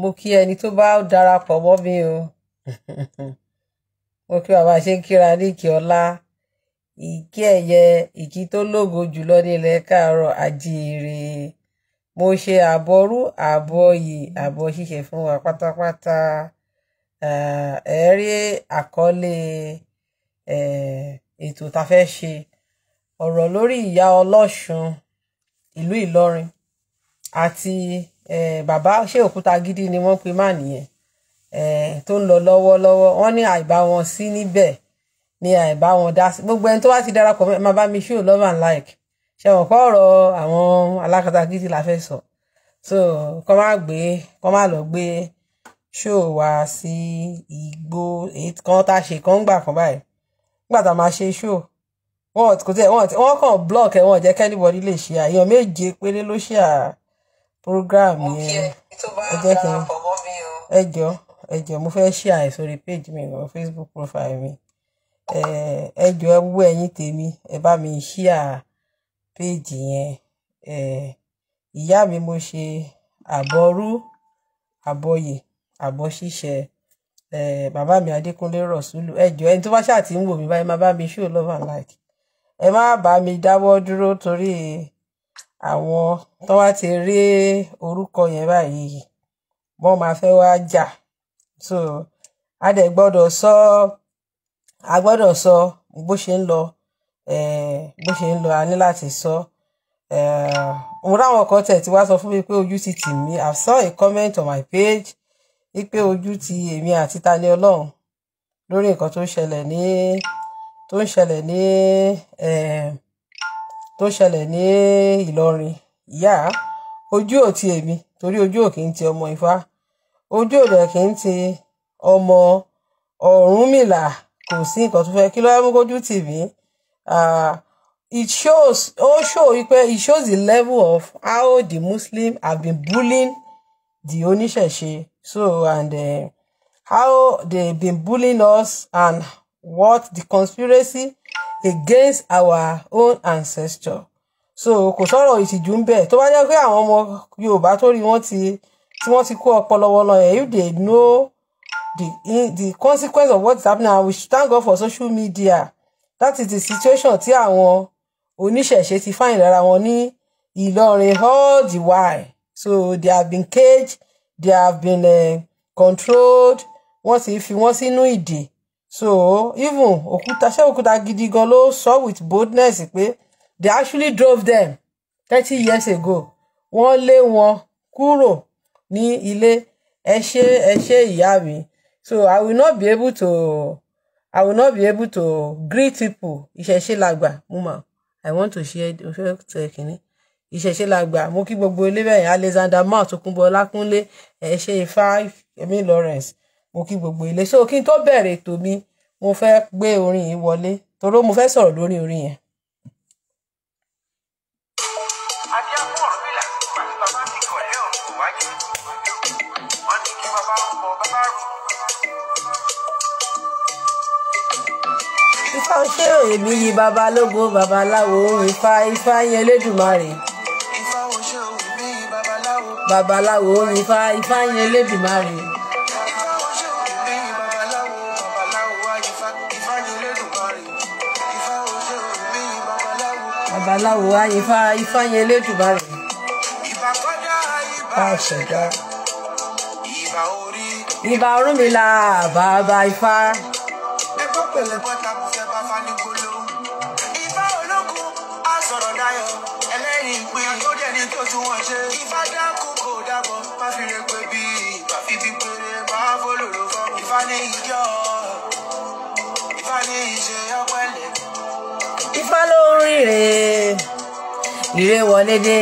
mo kí ẹni tó bá darapọ̀ mọ́ mi o mo kí bàbá ṣe ń kíra ní ìkí ọlá ìkí ẹ̀yẹ ìkí tó lógo jùlọ ní ilẹ̀ káàárọ̀ àjíire mo ṣe àbọrú àbọyè àbọ ṣíṣe fún wa pátápátá ẹ àkọlé ètò tá fẹ́ ṣe ọ̀rọ̀ lórí ìyá ọlọ́ṣun ìlú Ìlọrin àti Eh, bàbá ṣé òkúta gidi ni wọ́n pe má nìyẹn eh, tó ń lọ lọ́wọ́lọ́wọ́ wọ́n ní àìbá wọn sí níbẹ̀ ní àìbá wọn dá sí gbogbo ẹni tó wá ti darapọ̀ máa bá mi show love and like ṣe wọ́n kọ́ ọ̀rọ̀ àwọn alákatakítí la fẹ́ sọ so kọ́ má gbé kọ́ má lọ gbé show wá sí igbó kan tá a ṣe kan gbà kan báyìí nígbà tá a máa ṣe show wọn kò tẹ wọn kàn block ẹ wọn jẹ́ kẹ́nìbọ̀dì lè ṣe àyàn méje péré ló ṣe à program yẹn ẹ jẹ́ kí n ẹ jọ ẹ jọ mo fẹ́ ṣe àì sórí page mi on Facebook profile mi ẹ jọ ẹ wú ẹ̀yin tèmi ẹ bá mi ṣíà péèjì yẹn ìyá mi mo ṣe àbọrú àbọyè àbọ ṣíṣe bàbá mi Adékúnlé Rọ̀ṣúlù ẹ jọ ẹni tó bá ṣáà ti ń wò mí báyìí má bá mi show love and like ẹ má bá mi dáwọ́ dúró torí àwọn tó wá ti rí orúkọ yẹn báyìí wọ́n máa fẹ́ wá jà so a dẹ̀ gbọ́dọ̀ sọ a gbọ́dọ̀ sọ bó ṣe ń lọ bó ṣe ń lọ a ní láti sọ mo ráwọn kan tẹ̀ tí wá sọ fún mi pé ojú ti tì mí I saw a comment on my page wípé ojú ti èmi àti Tani Olohun lórí nǹkan tó ń ṣẹlẹ̀ ní tó ń ṣẹlẹ̀ ní tó ṣẹlẹ̀ ní Ìlọrin ìyá ojú ò ti èmi torí ojú ò kì í ti ọmọ Ifá ojú ò dẹ̀ kì í ti ọmọ Ọ̀rúnmìlà kò sí nǹkan tó fẹ́ kí ló yẹ mú kójú tì mí it shows ó show wípé it shows the level of how the Muslim have been bullying the oníṣẹ̀ṣe so and uh, how they been bullying us and what the conspiracy against our own ancestor so kò sọ̀rọ̀ ìtìjú ń bẹ tó bá jẹ́ pé àwọn ọmọ Yorùbá tó rí wọ́n ti tí wọ́n ti kó ọpọlọ wọn lọ yẹn if they know the in, the consequence of what is happening and we should thank God for social media that is the situation tí àwọn oníṣẹ̀ṣe ti fáyìn lára wọn ní Ìlọrin all the while so they have been caged they have been uh, controlled wọ́n ti fi wọ́n sínú ìdè so even òkúta ṣé òkúta gidi gan with boldness pé they actually drove them thirty years ago wọ́n lé wọn kuro ni ile ẹ ṣé ẹ mi so i will not be able to i will not be able to greet people ìṣẹ̀ṣe làgbà mo mà i want to share the first kìíní ìṣẹ̀ṣe la gbà mo kí gbogbo ilé bẹ̀yẹn Alexander mount okunbọ ọlákúnlé ẹ ṣe ifá Lawrence mo kí gbogbo ilé ṣé o kí n tó bẹ̀rẹ̀ ètò mi mo fẹ́ gbé orin yìí wọlé toró mo fẹ́ sọ̀rọ̀ lórí orin yẹn. Ifá ṣé èmi yí babalógo babaláwo Ifá Ifá yẹn lẹ́dùnmarè. Ifá ṣé èmi yí babaláwo. Babaláwo Ifá Ifá yẹn lẹ́dùnmarè. babaláwo á ifá ifá yẹn lédùbà rẹ̀. ìbà kọjá ìbà ṣẹ̀dá ìbà orí. ìbà Ọ̀rúnmìlà bàbá ifá. ẹgbẹ́ pẹ̀lẹ́ pọ́tà kò fẹ́ bá fani gbolo. ìbà ológun á sọ̀rọ̀ dayọ̀ ẹlẹ́rìí pé tó dẹ̀ tó tún wọ́n ṣe. ìbà dákú kò dábọ̀ bá fi rẹ pé bí ìbà fi péré bá fọlọ́lọ́ fọ́. ìbà ní ìjọ ìbà ní ìṣe ọpẹ́lẹ̀. ìbà ló ń rí rèé ìrè wọlé dé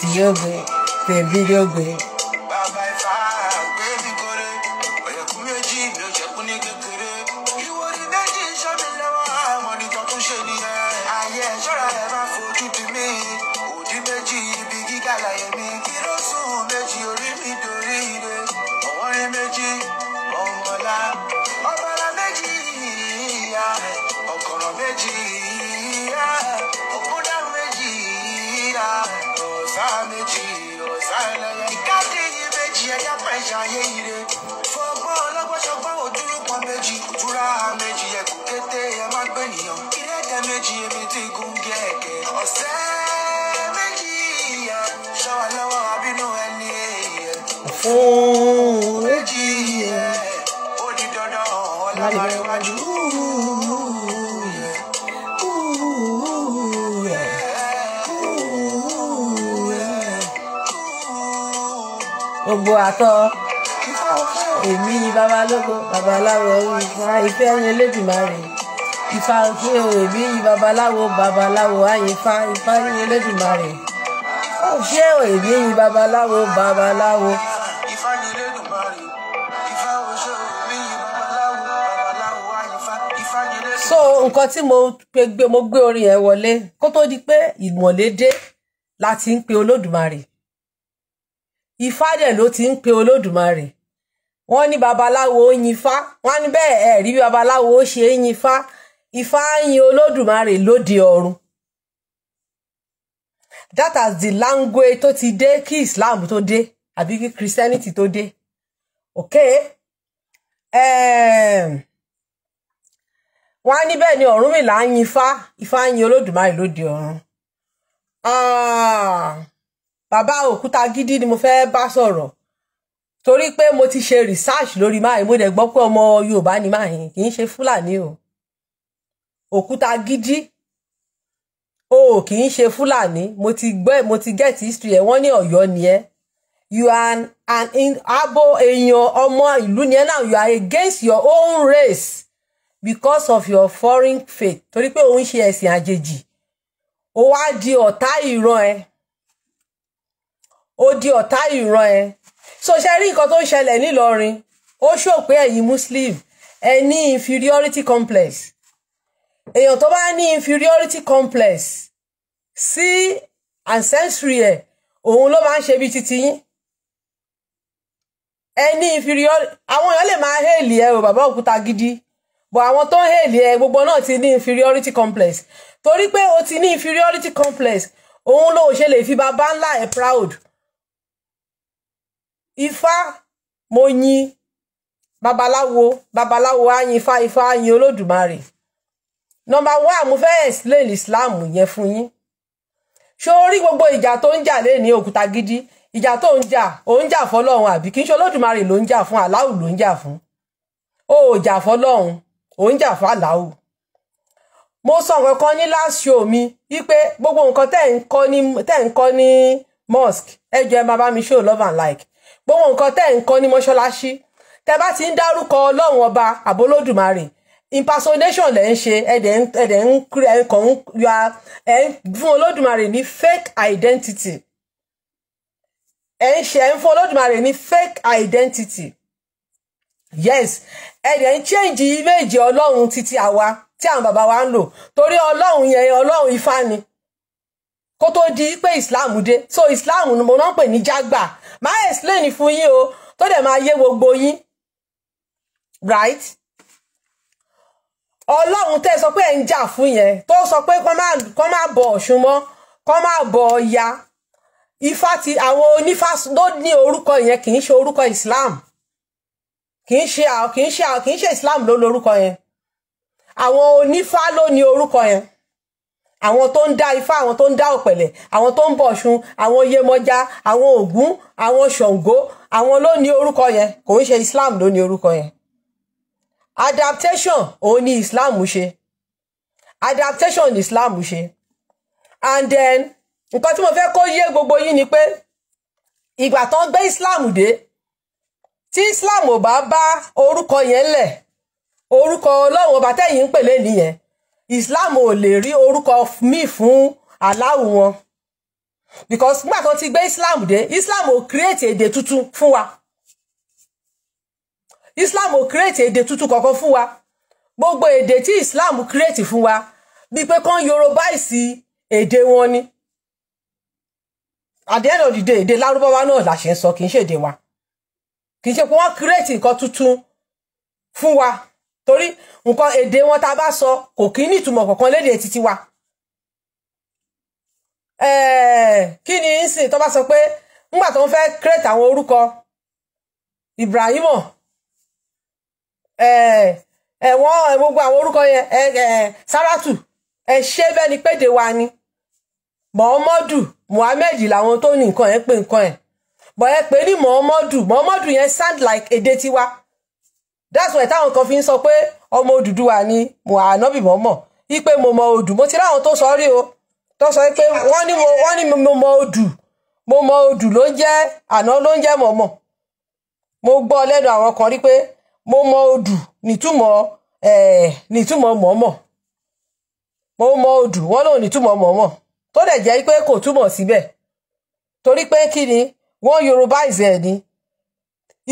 tí yóò gbé tèmi yóò gbé. ohun méjì yẹ ó di dandan ọlọ́mọdé wájú. gbogbo àtọ èmi ni babalógo babaláwo ifá ìfẹ́ ni elédùnmarè ifá òkè o èmi ni babaláwo babaláwo àyèfá ifá ni elédùnmarè òkè o èmi ni babaláwo babaláwo. so nǹkan tí mo gbé mo gbé orin yẹn wọlé kó tó di pé ìmọ̀lé dé la ti ń pe olódùmarè ifá dẹ̀ ló ti ń pe olódùmarè wọ́n ní babaláwo yin ifá wọ́n ní bẹ́ẹ̀ ẹ̀ rí babaláwo ṣe é yin ifá ifá yin olódùmarè lóde ọ̀run that as the language tó ti dé kí Islam tó dé àbí kí Christianity tó dé okay. Um, wọ́n á ní bẹ́ẹ̀ ni Ọ̀rúnmìlà ń yin ifá ifá ń yin Olódùmarè lóde ọ̀run ah, bàbá òkúta gidi ni mo fẹ́ bá sọ̀rọ̀ torí pé mo ti ṣe research lórí máyì mo dẹ̀ gbọ́ pé ọmọ Yorùbá ni máyì kì í ṣe Fúlàní o òkúta gidi o kì í ṣe Fúlàní mo ti gbọ́ mo ti get history ẹ̀ wọ́n ní Ọ̀yọ́ ni ẹ́ you are an abo èèyàn ọmọ ìlú ni ẹ́ now you are against your own race because of your foreign faith torí pé òun ṣe ẹ̀sìn àjèjì ó wá di ọ̀tá ìran ẹ ó di ọ̀tá ìran ẹ so ṣe rí nǹkan tó ń ṣẹlẹ̀ nílọrin ó ṣò ẹ̀yin muslim ẹ ní inferiority complex èèyàn tó bá ní inferiority complex sí ancestry ẹ òun ló máa ń ṣe bí titi yín ẹ ní inferiority àwọn èèyàn lè máa hẹ́ẹ̀lì ẹ o bàbá òkúta gidi bọ̀ àwọn tó ń hèlì ẹ gbogbo náà ti ní inferiority complex torí pé o ti ní inferiority complex òun ló ṣe lè fi bàbá ńlá ẹ proud ifá mo yin babaláwo babaláwo á yin ifá ifá á yin olódùmarè number one mo fẹ́ explain islam yẹn fún yín ṣó rí gbogbo ìjà tó ń jà lẹ́ni òkúta gidi ìjà tó ń jà ò ń jà fọlọ́run àbí kì í ṣe olódùmarè ló ń jà fún aláwù ló ń jà fún ó ò jà fọlọ́run ò ń jà fàlàó mo sọ nǹkan kan ní last show mi wípé gbogbo nǹkan tẹ́ ń kọ́ ní tẹ́ ń kọ́ ní mosque ẹ ẹ máa bá mi show love and like gbogbo nǹkan tẹ́ ń kọ́ ní mọ́ṣáláṣí tẹ́ bá ti ń dárúkọ ọlọ́run ọba àbólódùmarè impersonation lẹ̀ ń ṣe ẹ̀dẹ̀ ń ẹ̀dẹ̀ ń kúrẹ́ ẹ̀kọ́ ń ya ẹ̀ ń fún olódùmarè ní fake identity ẹ̀ ń ṣe ẹ̀ ń fún olódùmarè ní fake identity yes ẹ̀dẹ̀ ń change image ọlọ́run títí àwa tí àwọn bàbá wa ń lò torí ọlọ́run yẹn ọlọ́run ifá ni kó tó di pé islam dé so islam mo náà ń pè ní jágbà máa explain fún yín o tó dẹ̀ máa yé gbogbo yín right ọlọ́run tẹ́ sọ pé ẹ̀ ń jà fún yẹn tó sọ pé kọ́ máa bọ ọ̀ṣun mọ́ kọ́ máa bọ ọya ifá ti àwọn onífá ló ní orúkọ yẹn kì í ṣe orúkọ islam. kì í ṣe kì í ṣe kì í ṣe Islam ló lórúkọ yẹn àwọn onífá ló ní orúkọ yẹn àwọn tó ń dá ifá àwọn tó ń dá ọ̀pẹ̀lẹ̀ àwọn tó ń bọ Ọ̀ṣun àwọn Yemọja àwọn Ògún àwọn Ṣàngó àwọn ló ní orúkọ yẹn kò ń ṣe Islam ló ní orúkọ yẹn adaptation òun ni Islam ṣe adaptation ni Islam ṣe and then nǹkan tí mo fẹ́ kó yé gbogbo yín ni pé ìgbà tó ń gbé Islam dé tí Islam ò bá bá orúkọ yẹn lẹ̀ orúkọ ọlọ́run ọba tẹ́yìn ń pèlè nìyẹn Islam ò lè rí orúkọ míì fún aláwù wọn because nígbà kan ti gbé Islam dé Islam ò create èdè tuntun fún wa Islam ò create èdè tuntun kankan fún wa gbogbo èdè tí Islam create fún wa bíi pé kán Yorùbá ìsì èdè wọn ni at the end of the day èdè lárúbáwá náà la ṣe ń sọ kì í ṣèdè wa kì í ṣe pé wọ́n create nǹkan tuntun fún wa torí nǹkan èdè wọn tá a bá sọ kò kí ní ìtumọ̀ kankan lédè títí wa kí ni ń sìn tó bá sọ pé ńgbà tó ń fẹ́ create àwọn orúkọ Ibrahim ẹ̀wọ̀n gbogbo àwọn orúkọ yẹn Saratu ẹ ṣe bẹ́ẹ̀ ni péde wa ni Muhammadu Muhammed làwọn tó ní nǹkan ẹ̀ pé nǹkan ẹ̀ bọ̀ ẹ ní mọ̀ọ́mọ́dù mọ̀ọ́mọ́dù yẹn sound like èdè tiwa that's why táwọn kan fi ń sọ pé ọmọ wa ni Ànábì mọ̀ọ́mọ̀ ipe mo mọ odù mo ti tó sọ rí o tó sọ pé wọ́n wọ́n ní mo mọ odù mo mọ odù ló ń jẹ́ àná ló ń jẹ́ mọ̀ọ́mọ̀ mo gbọ́ lẹ́nu àwọn kan rí pé mo mọ odù nìtúmọ̀ nìtúmọ̀ mọ̀ọ́mọ̀ mo mọ odù wọ́n yorùbáìsì ẹ̀ ní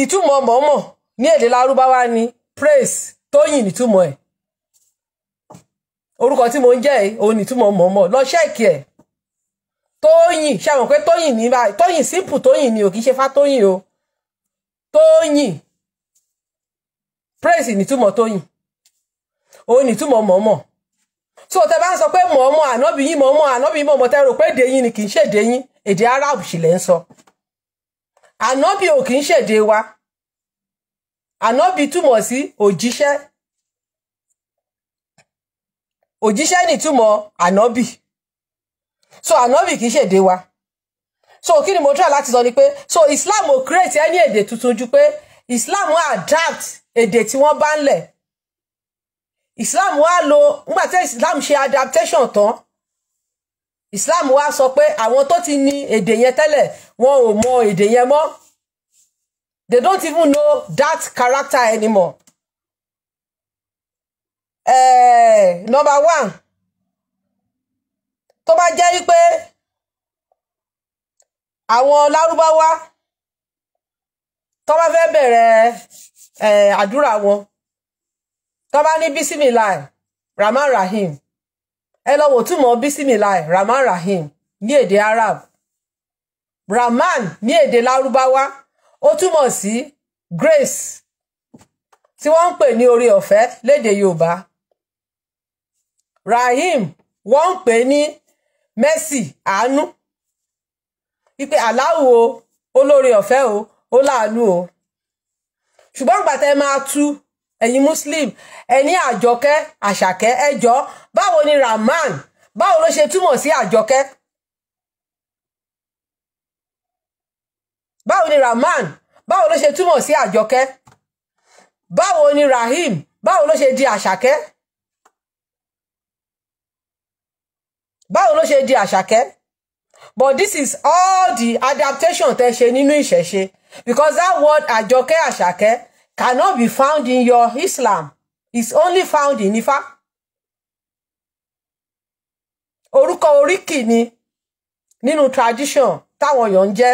ìtumọ̀ mọ̀ọ́mọ̀ ní èdè lárúbáwá ni praise tóyìn nítumọ̀ ẹ̀ orúkọ tí mo ń jẹ́ òun nítumọ̀ mọ̀ọ́mọ̀ lọ ṣẹ́ẹ̀kì ẹ̀ tóyìn ṣàwọn pé tóyìn ní báyìí tóyìn simple tóyìn ni ò kì í ṣe fátóyìn o tóyìn praise nítumọ̀ tóyìn òun nítumọ̀ mọ̀ọ́mọ̀ so tẹ bá ń sọ pé mọ̀ọ́mọ̀ ànábìyí mọ̀ọ́mọ̀ ànábìyí mọ̀ọ́mọ̀ tẹ rò pé èdè yín ni kì í ṣèdè yín èdè arab sì lẹ́ ń sọ. So ànábì ò kì í ṣèdè wa ànábì túmọ̀ sí òjíṣẹ́ òjíṣẹ́ nìtúmọ̀ ànábì so ànábì kì í ṣèdè wa so kí ni mo try láti sọ ni pé so Islam ò create any èdè tuntun ju pé Islam adapt èdè tí wọ́n bá ń lẹ̀ Islam wá lo nígbà tí Islam ṣe adaptation tán Islam wá sọ pé àwọn tó ti ní èdè yẹn tẹ́lẹ̀ wọn ò mọ èdè yẹn mọ́ they don't even know that character anymore. Eh, number one tó bá jẹ́ wípé àwọn lárúbáwá tó bá fẹ́ bẹ̀rẹ̀ eh, àdúrà wọn tó bá ní bísímìláì rahman rahim ẹ lọ wò túmọ̀ bísímìláì rahman rahim ní èdè arab rahman ní èdè lárúbáwá ó túmọ̀ sí grace tí wọ́n ń pè ní oore ọ̀fẹ́ lédè yorùbá rahim wọ́n ń pè ní mercy àánú wípé aláwo olóore ọ̀fẹ́ o ó láàánú o ṣùgbọ́n gbàtẹ́ máa tú ẹ̀yin muslim ẹni àjọkẹ́ àṣàkẹ́ ẹjọ́ báwo ni rahman báwo ló ṣe túmọ̀ sí àjọkẹ́ báwo ni rahman báwo ló ṣe túmọ̀ sí àjọkẹ́ báwo ni rahim báwo ló ṣe di àṣàkẹ́ báwo ló ṣe di àṣàkẹ́ but this is all the adaptation tẹ ṣe nínú ìṣẹ̀ṣe because that word àjọkẹ́ àṣàkẹ́ cannot be found in your Islam it's only found in Ifá orúkọ oríkì ni nínú tradition táwọn èèyàn ń jẹ́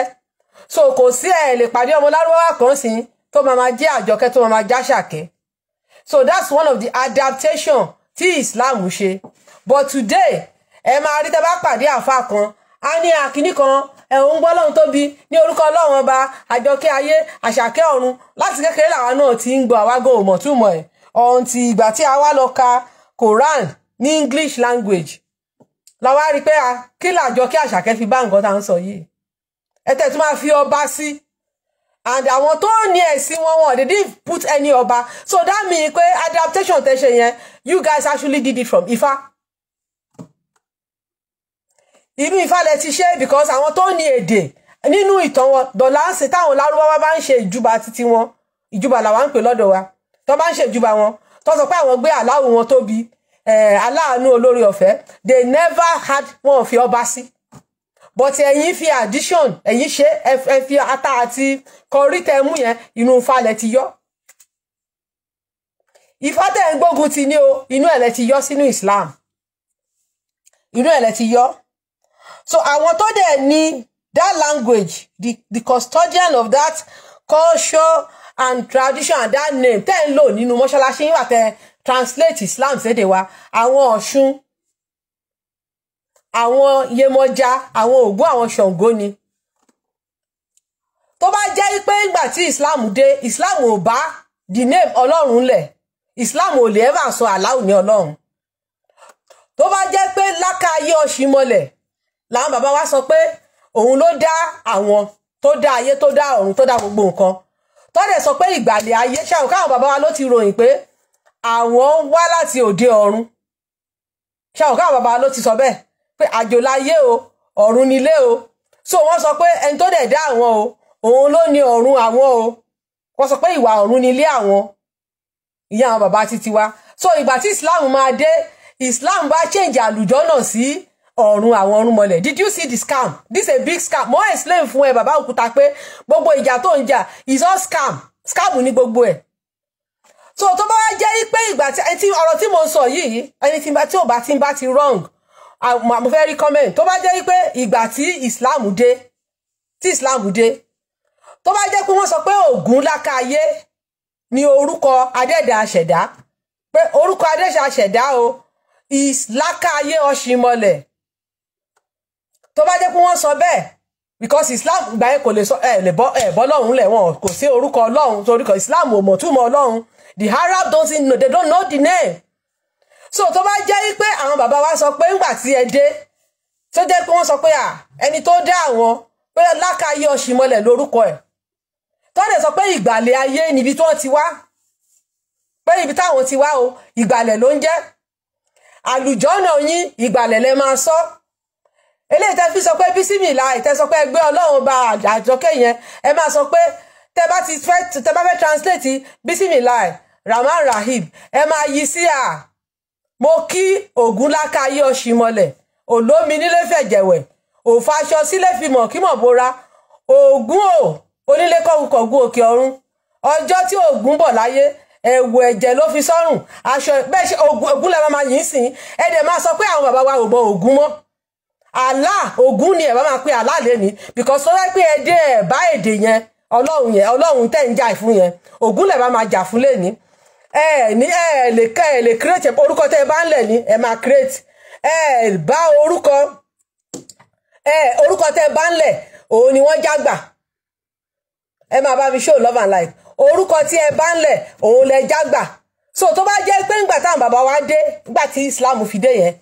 so kò sí ẹ̀ lè pàdé ọmọ lárúbáwá kan sí tó máa máa jẹ́ àjọkẹ́ tó máa máa jáṣàkẹ́ so that's one of the adaptation tí Islam ṣe but today ẹ máa rí tẹ́ bá pàdé àfa kan a ní àkíní kan ẹ̀hún gbọ́ lọ́run tóbi ní orúkọ ọlọ́run ọba àjọkẹ́ ayé àṣàkẹ́ ọ̀run láti kékeré làwa náà ti ń gbọ́ àwágò òmọ̀túmọ̀ ẹ̀ ọ̀hún ti ìgbà tí a wá lọ ka Quran ní English language làwa rí pé kí làjọkẹ́ àṣàkẹ́ fi bá nǹkan tá à ń sọ yìí ẹ tẹ̀ tún máa fi ọba sí and àwọn tó ní ẹ̀sìn wọn wọn didn't put any ọba so that mean pé adaptation tẹ ṣe yẹn you guys actually did it from Ifa. ibi Ifa lẹ ti ṣe because àwọn tó ní èdè nínú ìtàn wọn dọ̀là ń ṣe táwọn lárúbáwá bá ń ṣe ìjúbà títí wọn ìjúbà làwọn ń pè lọ́dọ̀ wa tó bá ń ṣe ìjúbà wọn tó sọ pé àwọn gbé aláwo wọn tóbi eh, aláàánú olórí ọ̀fẹ́ they never had one of your ọba sí. Si but ẹ̀yin fi addition ẹ̀yin ṣe ẹ fi ata àti kọrí tẹ mú yẹn inú falẹ̀ ti yọ ifá tẹ̀ ń gbógun ti ní o inú ẹ̀ ti yọ sínú Islam inú ẹ̀ lẹ ti yọ so àwọn tó dẹ̀ ní that language the the custodian of that culture and tradition and that name tẹ́ ń lò nínú mọ́ṣáláṣí yín wà tẹ́ translate Islam sédè wa àwọn Ọ̀ṣun àwọn Yemọja àwọn Ògún àwọn Ṣàngó ni tó bá jẹ́ pé ìgbà tí Islam dé Islam ò bá the name Ọlọ́run lẹ̀ Islam ò lè ever sọ aláwọ̀ ní Ọlọ́run tó bá jẹ́ pé lákàáyé Ọ̀ṣìmọlẹ̀ làwọn bàbá wa sọ pé òun ló dá àwọn tó dá ayé tó dá ọ̀run tó dá gbogbo nǹkan tọ́lẹ̀ sọ pé ìgbàlẹ̀ ayé ṣàwọn káwọn bàbá wa ló ti ròyìn pé àwọn wá láti òde ọ̀run ṣàwọn káwọn bàbá wa ló ti sọ bẹ́ẹ̀ pé àjò láyé o ọ̀run nílé o so wọ́n sọ pé ẹni tó dẹ̀ dá àwọn o òun ló ní ọ̀run àwọn o wọ́n sọ pé ìwà ọ̀run nílé àwọn ìyá àwọn bàbá títí wa so ìgbà tí Islam máa dé Islam bá change àlùjọ náà sí ọ̀run àwọn ọ̀rúnmọlẹ̀ did you see the scam this a big scam mo explain fún ẹ bàbá òkúta pé gbogbo ìjà tó ń jà is all scam scam ní gbogbo ẹ̀ so tó bá wá jẹ́ pé ìgbà tí ọ̀rọ̀ tí mo sọ yìí ẹni tí ó bá ti wrong mo fẹ́ rí comment tó bá jẹ́ pé ìgbà tí Islam dé tí Islam dé tó bá jẹ́ pé wọ́n sọ pé Ògún lákàyé ni orúkọ adẹ́dà àṣẹ̀dá pé orúkọ adẹ́dà àṣẹ̀dá o lákàyé ọ̀ṣìmọ̀lẹ̀ tó bá jẹ́ pé wọ́n sọ bẹ́ẹ̀ because Islam ìgbà yẹn kò lè sọ ẹ lè bọ ẹ bọ lọ́hùn lẹ́wọ̀n kò sí orúkọ Ọlọ́hun torí kan Islam ò mọ̀ túmọ̀ Ọlọ́hun the Arab don't know they don't know the name so tó bá jẹ́ wípé àwọn bàbá wa sọ pé ńgbà tí ẹ dé tó jẹ́ pé wọ́n sọ pé ẹni tó dá àwọn pé lákàáyé ọ̀ṣìmọlẹ̀ lórúkọ ẹ̀ tó lè sọ pé ìgbàlẹ̀ ayé níbi tí wọ́n ti wá pé ibi táwọn ti wá o ìgbàlẹ̀ ló ń jẹ́ àlùjọ́nà yín ìgbàlẹ̀ lẹ máa sọ eléyìí tẹ́ fi sọ pé bísímìlà ìtẹ́ sọ pé ẹgbẹ́ ọlọ́run ba àjọkẹ́ yẹn ẹ máa sọ pé tẹ́ bá ti fẹ́ tẹ́ bá fẹ́ translate bísímìlà rahman rahim ẹ máa yí sí à mo kí ògúnláka ayé ọ̀ṣìmọ̀lẹ̀ olómi nílé fẹ̀jẹ̀wẹ̀ òfaṣọ sílẹ̀ kí mọ bora o onílé kọ̀ọ̀kọ̀gún òkè ọrún ọjọ́ tí ogun bọ láyé ẹ̀wù ẹjẹ ló fi sọrùn aṣọ ṣe sọ pé àwọn bàbá wa ò mọ ni máa pe àlá because pé èdè yẹn yẹn ń jà fún yẹn ẹ ní ẹ lè ká ẹ lè create orúkọ tẹ́ ẹ bá ń lẹ̀ ní ẹ máa create ẹ bá orúkọ ẹ orúkọ tẹ́ ẹ bá ń lẹ̀ òun ni wọ́n jágbà ẹ máa bá mi show love and life orúkọ tí ẹ bá ń lẹ̀ òun lẹ jágbà so tó bá jẹ́ pé ńgbà táwọn bàbá wa dé ńgbà tí Islam fi dé yẹn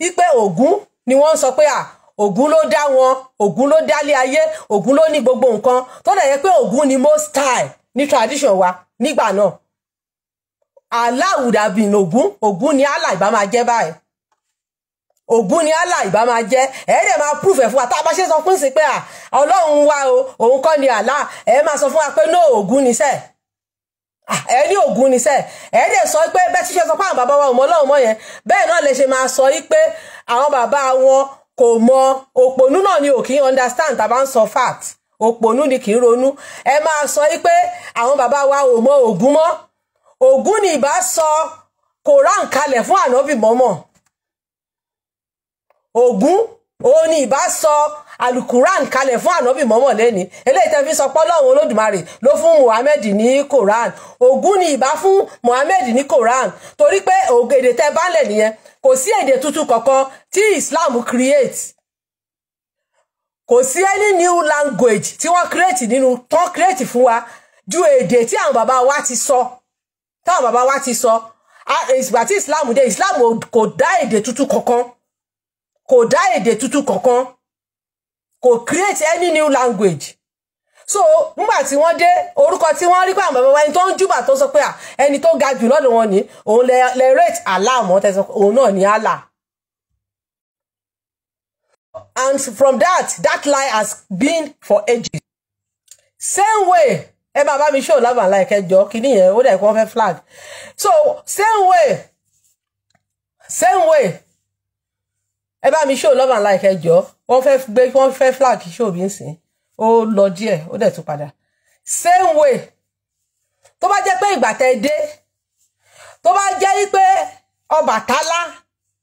wípé Ògún ni wọ́n sọ pé à Ògún ló dá wọn Ògún ló dálé ayé Ògún ló ní gbogbo nǹkan tó dẹ̀ yẹ pé Ògún ni most high ní tradition wa nígbà náà Allah would have been Ògún Ògún ni Allah ìbá máa jẹ́ báyìí Ògún ni Allah ìbá máa jẹ́ ẹ̀ẹ́dẹ̀ máa prove ẹ̀ fún wa tá a bá ṣe sọ fún sí pé à wa o òun kọ́ ni Allah ẹ̀ máa sọ fún wa pé no Ògún ni sẹ́ẹ̀ ẹ ní Ògún ni sẹ́ẹ̀ ẹ̀ẹ́dẹ̀ sọ pé bẹ́ẹ̀ ti ṣe sọ fún àwọn bàbá wa ò mọ Ọlọ́run mọ́ yẹn bẹ́ẹ̀ náà lè ṣe máa sọ yí pé àwọn bàbá wọn kò mọ òpònú náà ni ò kì í understand tàbá ń sọ fact òpònú ni kì í ronú ẹ máa sọ yí pé àwọn bàbá wa ò mọ Ògún mọ́ Ògún ni ìbá sọ Koran kalẹ̀ fún ànábì mọ́mọ́ Ògún òun ni ìbá sọ alukuran kalẹ̀ fún ànábì mọ́mọ́ lẹ́ni eléyìí tẹ́ fi sọ pọ́lọ́hún olódùmarè ló fún Muhammed ní Koran Ògún ni ìbá fún Muhammed ní Koran torí pé ògèdè tẹ́ bá lẹ̀ nìyẹn kò sí èdè tuntun kankan tí Islam create kò sí any new language tí wọ́n create nínú tán create fún wa ju èdè tí àwọn bàbá wa ti sọ. So táwọn bàbá wa ti sọ ìgbà tí islam dé islam kò dá èdè tuntun kankan kò dá èdè tuntun kankan kò create any new language so nígbà tí wọ́n dé orúkọ tí wọ́n rí pé àwọn bàbá wa ẹni tó ń júbà tó sọ pé ẹni tó ga jù lọ́dọ̀ wọn ni òun lè rate Allah mọ́ tẹ̀sán òun náà ni Allah and from that that lie has been for ages same way ẹ máa bá mi ṣó lábàá láì kẹjọ kínní yẹn ó dẹ̀ kí wọ́n flag so same way same way ẹ bá mi ṣó lọ́bàá láì kẹjọ wọ́n fẹ́ gbé wọ́n fẹ́ flag ṣó bí ń sìn ó lọ díẹ̀ ó dẹ̀ tún padà same way tó bá jẹ́ pé ìgbà tẹ dé tó bá jẹ́ pé Ọbàtálá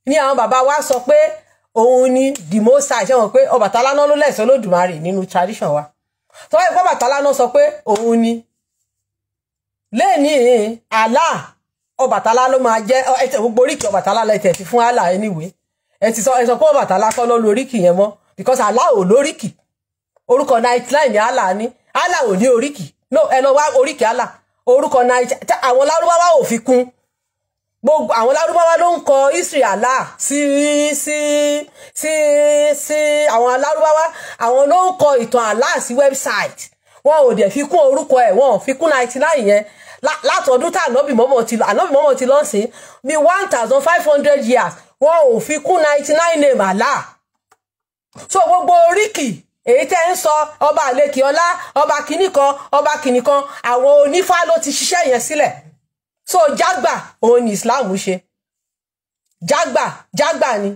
ni àwọn bàbá wa sọ pé òun ni the most high ṣe wọn pé Ọbàtálá náà ló lẹ̀sọ́ Olódùmarè nínú tradition wa tó bá yẹ pé bàtálá náà sọ pé òun ni lẹ́ẹ̀ni àlá ọbàtálá ló máa jẹ́ ẹ̀tẹ̀ gbogbo oríkì ọbàtálá lẹ́tẹ̀ ti fún àlá anyway ẹ ti sọ ẹ sọ pé ọbàtálá kọ́ ló lóríkì yẹn mọ́ because àlá ò lóríkì orúkọ nightline ni àlá ni àlá ò ní oríkì no ẹ lọ wá oríkì àlá orúkọ nightline àwọn lárúbáwá ò fi kún gbogbo àwọn lárúbáwá ló ń kọ history Allah sí sí sí sí àwọn lárúbáwá àwọn ló ń kọ ìtàn Allah sí website wọn ò dẹ̀ fi kún orúkọ ẹ̀ wọn ò fi kún ninety nine yẹn látọdún tá ànábì mọ́mọ́ ti ànábì mọ́mọ́ ti lọ́sìn bí one thousand five hundred years wọn ò fi kún ninety nine name Allah so gbogbo oríkì èyí tẹ́ ń sọ ọba àlekìọ́lá ọba kìnìkan ọba kìnìkan àwọn onífá ló ti ṣiṣẹ́ yẹn sílẹ̀. Si so jágbà òun ni islam ṣe jágbà jágbà ni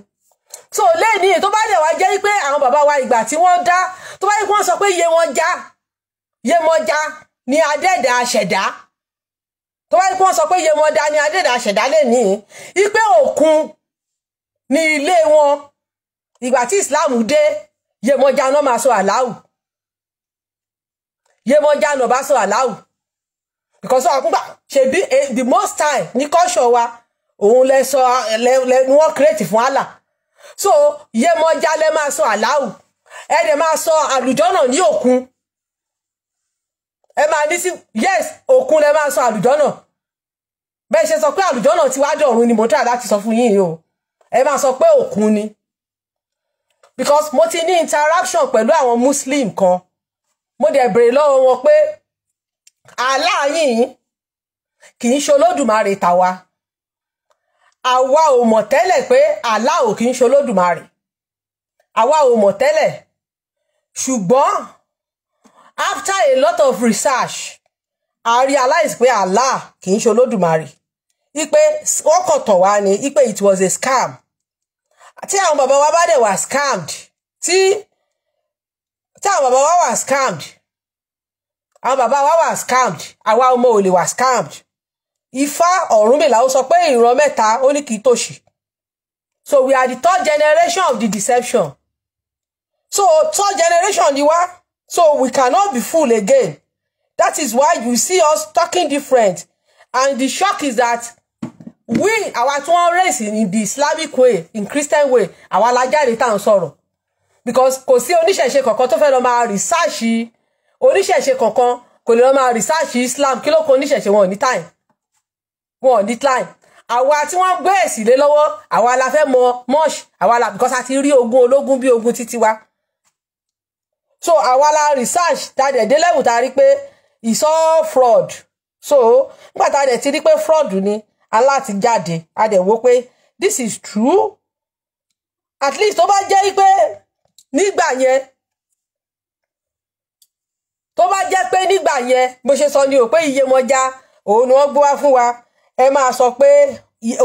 so lẹ́ẹ̀ni tó bá dẹ̀ wá jẹ́ pé àwọn bàbá wa ìgbà tí wọ́n dá tó bá yẹ kí wọ́n sọ pé yé wọn já yé wọn já ni adẹ́ẹ̀dá aṣẹ̀dá tó bá yẹ kí wọ́n sọ pé yé wọn dá ni adẹ́ẹ̀dá aṣẹ̀dá lẹ́ẹ̀ni ipe òkun ni ilé wọn ìgbà tí islam dé yé wọn já náà máa sọ aláwù yé wọn já náà bá sọ aláwù because wọn àkúgbà ṣebí eh, the most time ní culture wa òun lẹ sọ lẹ ni wọn create fún Allah so Yemọja lẹ máa sọ aláwù ẹ dẹ máa sọ àlùjọ́nà ní òkun ẹ máa ní sí yes òkun lẹ máa sọ àlùjọ́nà bẹ́ẹ̀ ṣe sọ pé àlùjọ́nà ti wá dọ̀run ni mo try ti sọ fún yín o ẹ máa sọ pé òkun ni because mo ti ní interaction pẹ̀lú àwọn muslim kan mo dẹ̀ béèrè lọ́wọ́ wọn pé aláàyìn kì í ṣe olódùmarè tàwa àwa ò mọ̀ tẹ́lẹ̀ pé àlá ò kì í ṣe àwa ò mọ̀ tẹ́lẹ̀ ṣùgbọ́n after a lot of research a realize pé àlá kì í ṣe olódùmarè ipe wọ́n kàn tàn wá ni ipe it was a scam tí àwọn bàbá wa bá dẹ̀ wà scammed tí tí àwọn bàbá wa wà scammed àwọn bàbá wa wà scammed àwa ọmọ ò wà scammed ifá ọ̀rúnmìlà ó sọ pé ìran mẹ́ta ó ní kì í tòṣì so we are the third generation of the deception so third generation ni wá so we cannot be fooled again that is why you see us talking different and the shock is that we our tí wọ́n raise in the Islamic way in Christian way our la jáde tá à ń because kò sí oníṣẹ̀ṣe kankan tó fẹ́ lọ máa research oníṣẹ̀ṣe kankan kò lè lọ máa rìsáàṣì Islam kí ló kọ oníṣẹ̀ṣe wọn ò ní time wọn ò ní time àwa tí wọ́n gbé èsì lé lọ́wọ́ àwa la fẹ́ mọ mọ́ṣ àwa la bìkọ́sà ti rí ogun ológun bí ogun títí wa so àwa la research ta dẹ̀ dé level ta rí pé ìsọ fraud so nígbà tá a dẹ̀ ti rí pé fraud ni aláti jáde a dẹ̀ wò pé this is true at least tó bá jẹ́ pé nígbà yẹn tó bá jẹ́ pé nígbà yẹn bó ṣe sọ ni ò pé Iyemọja òun ni wọ́n gbé wá fún wa ẹ máa sọ pé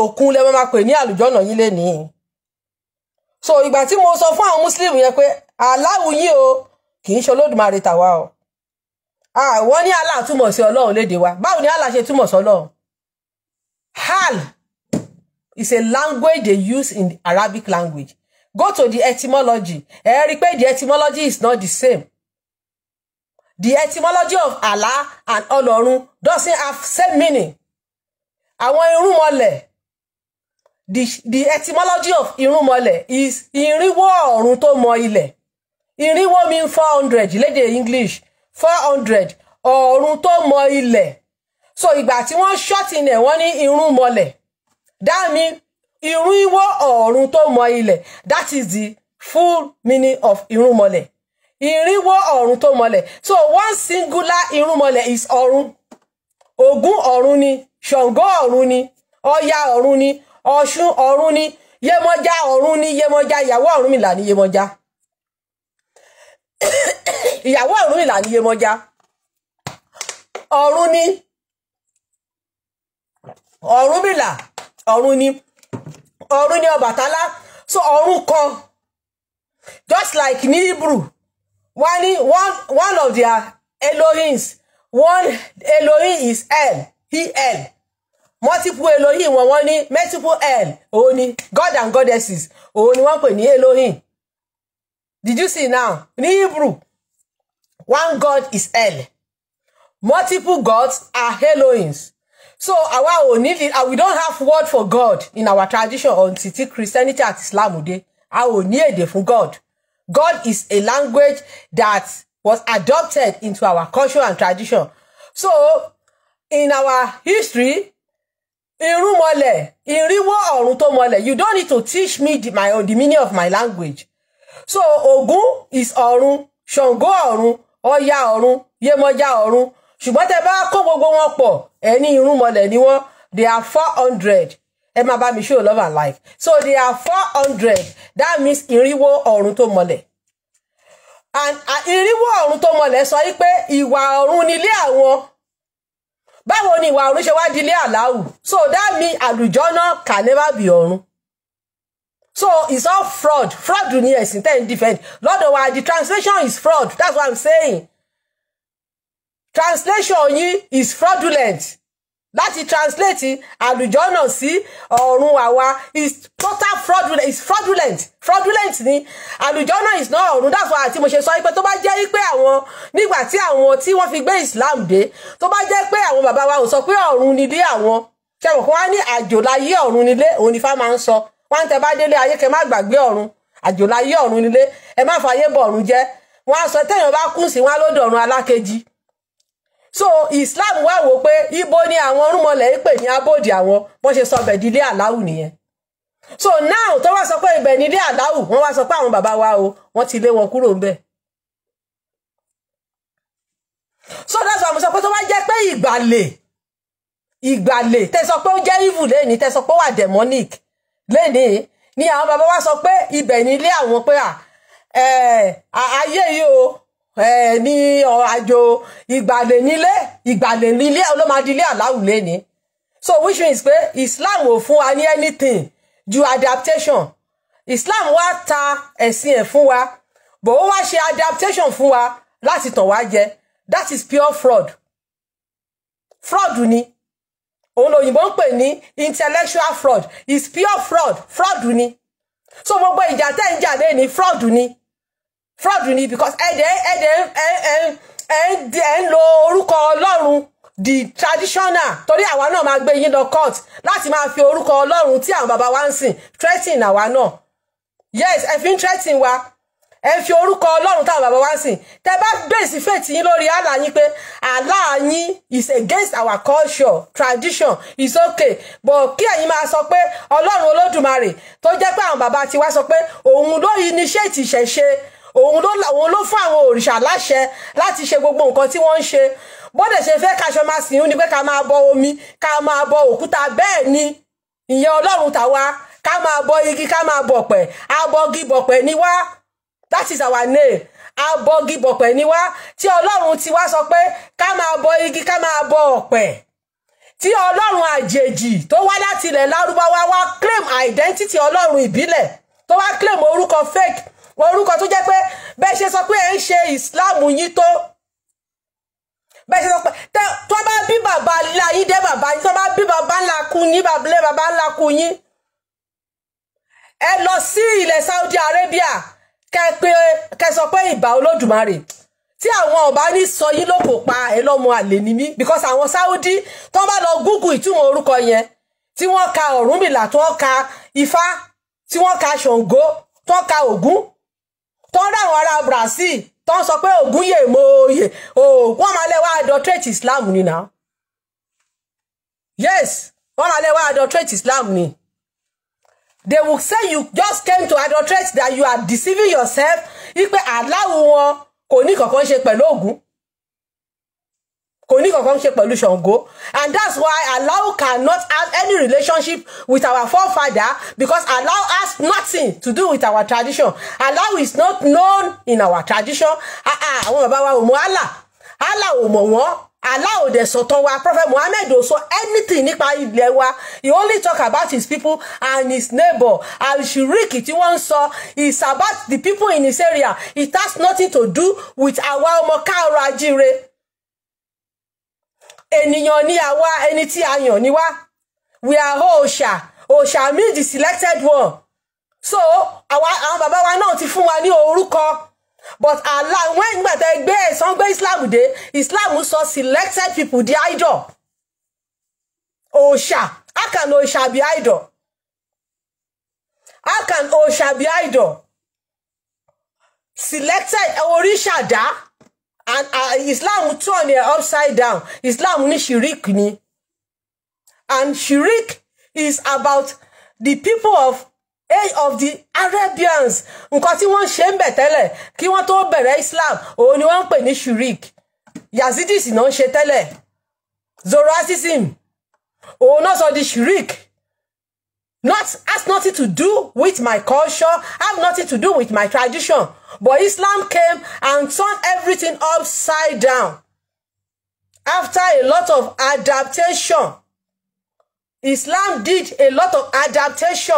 òkun lẹ máa pè ní àlùjọ́nà yín lénìí so ìgbà tí mo sọ fún àwọn muslim yẹn pé aláwo yín o kì í ṣe olódùmarè tàwa o àwọn ní Allah túmọ̀ sí ọlọ́run léde wa báwo ni Allah ṣe túmọ̀ sí hal is a language they use in Arabic language go to the etymology ẹ rí i pé the etymology is not the same the etymology of Allah and Ọlọ́run doesn't have same meaning. Àwọn irúnmọlẹ̀ the, the etymology of irúnmọlẹ̀ is irínwó ọ̀run tó mọ ilẹ̀. Irínwó mean four hundred lédè English four hundred ọ̀run tó mọ ilẹ̀. So ìgbà tí wọ́n shorten ẹ̀ wọ́n ní irúnmọlẹ̀. That mean irínwó ọ̀run tó mọ ilẹ̀ that is the full meaning of irúnmọlẹ̀ irínwó ọ̀run tó mọlẹ̀ so one singular irúnmọlẹ̀ is ọ̀run Ogun ọ̀run ni ṣàngó ọ̀run ni ọya ọ̀run ni ọ̀ṣun ọ̀run ni yemọja ọ̀run ni yemọja ìyàwó ọ̀rúnmìlà ni yemọja ìyàwó ọ̀rúnmìlà ni yemọja ọ̀run ni ọ̀rúnmìlà ọ̀run ni ọ̀run ni ọbàtálá so ọ̀run kan just like ní Hebrew wọ́n ní one one of their Elohims one Elohim is El he El multiple Elohim wọn wọ́n ní multiple El òun ni God and goddesses òun ni wọ́n pè ní Elohim did you see now ní Hebrew one God is El multiple gods are Elohims so àwa ò ní we don't have word for God in our tradition on ti Christianity at Islam dé a ò ní èdè fún God. God is a language that was adopted into our culture and tradition. So, in our history, mole, irínwó ọ̀run tó mole. you don't need to teach me the, my own the meaning of my language. So, Ogun is ọ̀run, Shango ọ̀run, Oya ọ̀run, Yemoja ọ̀run. Ṣùgbọ́n tẹ́ bá kó gbogbo wọn pọ̀, ẹni irúnmọlẹ̀ ni wọ́n, they are four hundred ẹ bá mi show love and life so they are four hundred that means irinwó ọ̀run tó mọlẹ̀ and irinwó ọ̀run tó mọlẹ̀ sọ wípé ìwà ọ̀run nílé àwọn báwo ni ìwà ọ̀run ṣe wá di ilé àláwù so that mean àlùjọ́nà can never be ọ̀run so it's all fraud fraud ni ẹ̀sìn ten different lọ́dọ̀ wa the translation is fraud that's what i'm saying translation yìí is fraudulent láti translate àlùjọ́nà sí ọ̀run àwa is total fraudulent is fraudulent fraudulent ni àlùjọ́nà is not ọ̀run that's why àti mo ṣe sọ pé tó bá jẹ́ pé àwọn nígbà tí àwọn tí wọ́n fi gbé Islam dé tó bá jẹ́ pé àwọn bàbá wa ò sọ pé ọ̀run nílé àwọn ṣẹ̀wọ̀n kí wọ́n ní àjòláyé ọ̀run nílé òun ni fá máa ń sọ wọ́n tẹ bá délé ayé kẹ má gbàgbé ọ̀run àjòláyé ọ̀run nílé ẹ má fààyè bọ̀ ọ̀run jẹ́ wọ́n á sọ téèyàn bá kùn sí wọn á lódò ọ̀run alákejì so Islam wá wò pé ibo ni àwọn orúnmọlẹ̀ ń pè ní abódì àwọn wọ́n ṣe sọ bẹ̀dílé aláwù nìyẹn so now tó wá sọ pé ibẹ̀ nílé aláwù wọ́n wá sọ pé àwọn bàbá wa o wọ́n ti lé wọn kúrò ńbẹ̀ so that's why mo sọ pé tó bá jẹ́ pé ìgbàlè ìgbàlè tẹ sọ pé ó jẹ́ evil lẹ́ni tẹ sọ pé ó wà demonic lẹ́ni ni àwọn bàbá wa sọ pé ibẹ̀ nílé àwọn pé à ayé yìí o ní àjò ìgbàlẹ̀ nílé ìgbàlẹ̀ nílé olómadílé aláwùlé ni so which means pé Islam ò fún wa ní anything ju adaptation Islam wá ta ẹ̀sìn ẹ̀ fún wa bò ó wá ṣe adaptation fún wa láti tàn wá jẹ that is pure fraud fraud ni òun lòyìnbó ń pè ní intellectual fraud is pure fraud fraud ni so gbogbo ìjà tẹ́ ń jà lé ní fraud ni fraud ni because ẹ̀dẹ̀ ẹ̀dẹ̀ ẹ̀dẹ̀ ń lo orúkọ ọlọ́run the traditional torí àwa náà máa gbé yín lọ court láti máa fi orúkọ ọlọ́run tí àwọn bàbá wa ń sìn threatening àwa náà yes ẹ fi ń threatening wa ẹ fi orúkọ ọlọ́run táwọn bàbá wa ń sìn tẹ bá bẹ́ẹ̀sì faith yín lórí àlá yín pé àlá yín is against our culture tradition is okay but kí ẹ̀yin máa sọ pé ọlọ́run olódùmarè tó jẹ́ pé àwọn bàbá tiwa sọ pé òun ló initiate ìṣẹ̀ṣe òun ló òun ló fún àwọn òrìṣà láṣẹ láti ṣe gbogbo nǹkan tí wọ́n ń ṣe bọ́dẹ̀ ṣe fẹ́ káṣọ máa sìn ún ni pé ká máa bọ omi ká máa bọ òkúta bẹ́ẹ̀ ni ìyẹn ọlọ́run tàwa ká máa bọ igi ká máa bọ̀pẹ̀ abọ́gi bọ̀pẹ̀ ni wá that is our name abọ́gi bọ̀pẹ̀ ni wá tí ọlọ́run ti wá sọ pé ká máa bọ igi ká máa bọ ọ̀pẹ̀ tí ọlọ́run àjèjì tó wá láti ilẹ̀ lárúbáwá wá claim identity ọlọ́run ìbílẹ̀ tó wá claim orúkọ fake orúkọ tó jẹ́ pé bẹ́ẹ̀ ṣe sọ pé ẹ̀ ń ṣe Islam yín tó bẹ́ẹ̀ ṣe sọ pé tó bá bí bàbá ńlá yín dé bàbá yín tó bá bí bàbá ńlá kú yín bàbá bàbá ńlá kú yín ẹ lọ sí ilẹ̀ Saudi Arabia kẹ pé kẹ sọ pé ìbà Olódùmarè tí àwọn ọba ní sọ yín ló kò pa ẹ lọ́mọ àlè ní mí because àwọn Saudi tó bá lọ Google ìtumọ̀ orúkọ yẹn tí wọ́n ka Ọ̀rúnmìlà tí ka Ifá tí wọ́n ka Ṣàngó tí ka Ògún tó ń ráwọn ará Brazil tó ń sọ pé ògùn yè mo yè o wọ́n máa lẹ́wọ́ adulterate Islam ni now yes wọ́n máa lẹ́wọ́ adulterate Islam ni they will say you just came to adulterate that you are deceiving yourself wípé aláwo wọn kò ní kankan ṣe pẹ̀lú ògùn kò ní kankan ṣe pẹ̀lú Ṣàngó and that's why Allah cannot have any relationship with our forefather because Allah has nothing to do with our tradition Allah is not known in our tradition àwọn bàbá wa ò mọ Allah Allah ò mọ̀ wọ́n Allah ò dẹ̀ sọ̀tọ̀ wa Prophet Muhammad ò sọ anything nípa ilẹ̀ wa he only talk about his people and his neighbor al-shiriki tí wọ́n ń sọ is about the people in his area it has nothing to do with our ọmọ káàrọ̀ ajíire ènìyàn ni àwa ẹni tí a yàn ni wá we are òòṣà òòṣà means the selected one so àwa àwọn bàbá wa náà ti fún wa ní orúkọ but Allah wẹ́n nígbà tẹ́ gbé ẹ̀sán gbé Islam dé Islam sọ selected people di idol òòṣà how can òòṣà be idol how can òòṣà be idol selected oríṣà dá and uh, Islam turn her upside down Islam ni shirik ni and shirik is about the people of age eh, of the Arabians nǹkan tí wọ́n ṣe ń bẹ̀ tẹ́lẹ̀ kí wọ́n tó Islam òun ni wọ́n ń pè ní shirik Yazidis náà ń ṣe tẹ́lẹ̀ Zoroastrianism òun náà di shirik not has nothing to do with my culture have nothing to do with my tradition but Islam came and turned everything upside down after a lot of adaptation Islam did a lot of adaptation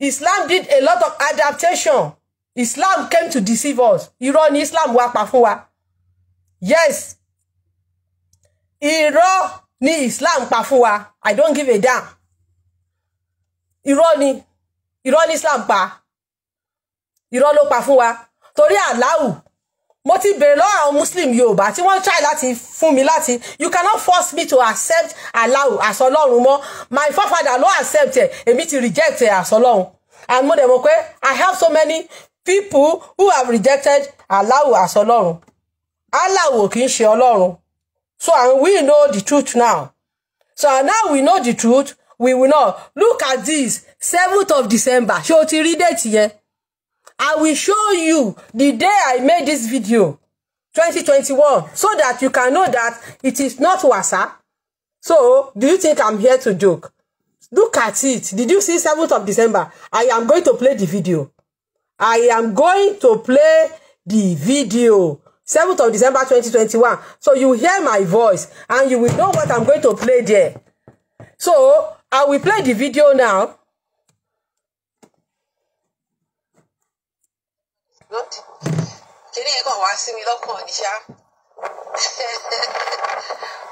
Islam did a lot of adaptation Islam came to deceive us irọ́ ni Islam wa pa fún wa yes irọ́ ni Islam pa fún wa I don't give a damn irọ́ ni irọ́ ni Islam pa irọ́ ló pa fún wa torí aláwù mo ti bèrè lọ́wọ́ àwọn muslim yorùbá tí wọ́n try láti fún mi láti you cannot force me to accept aláwù àṣọ ọlọ́run mọ́ my forefather no accept ẹ̀ èmi ti reject ẹ̀ àṣọ and mo dẹ̀ mọ̀ pé i have so many people who have rejected aláwù àṣọ ọlọ́run aláwù kì í ṣe ọlọ́run so and we know the truth now so and now we know the truth we will not look at this seventh of december ṣé o read it déètì i will show you the day i made this video twenty twenty one so that you can know that it is not wasa so do you think i'm here to joke look at it did you see seventh of december i am going to play the video i am going to play the video seventh of december twenty twenty one so you hear my voice and you will know what i'm going to play there so I uh, will play the video now. kìnìún yẹn kàn wá sí mi lọ́kàn ní ṣá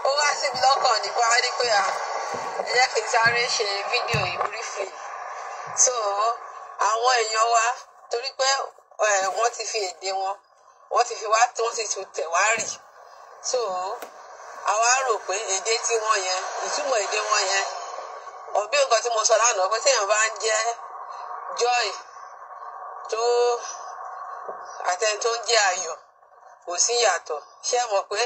ó wá sí mi lọ́kàn ní bá ní pé à ẹ jẹ́ kí n sáré ṣe fídíò yìí so àwọn èèyàn wa torí pé eh, wọ́n ti fi èdè wọn wọ́n ti fi wá wọ́n ti tún tẹ̀ wá rì so àwa rò pé èdè tiwọn yẹn ìtumọ̀ èdè wọn yẹn bí nǹkan tí mo sọ lánàá pé téèyàn bá ń jẹ́ joy tó àtẹni tó ń jẹ́ ayọ̀ kò sí yàtọ̀ ṣé mọ̀ pé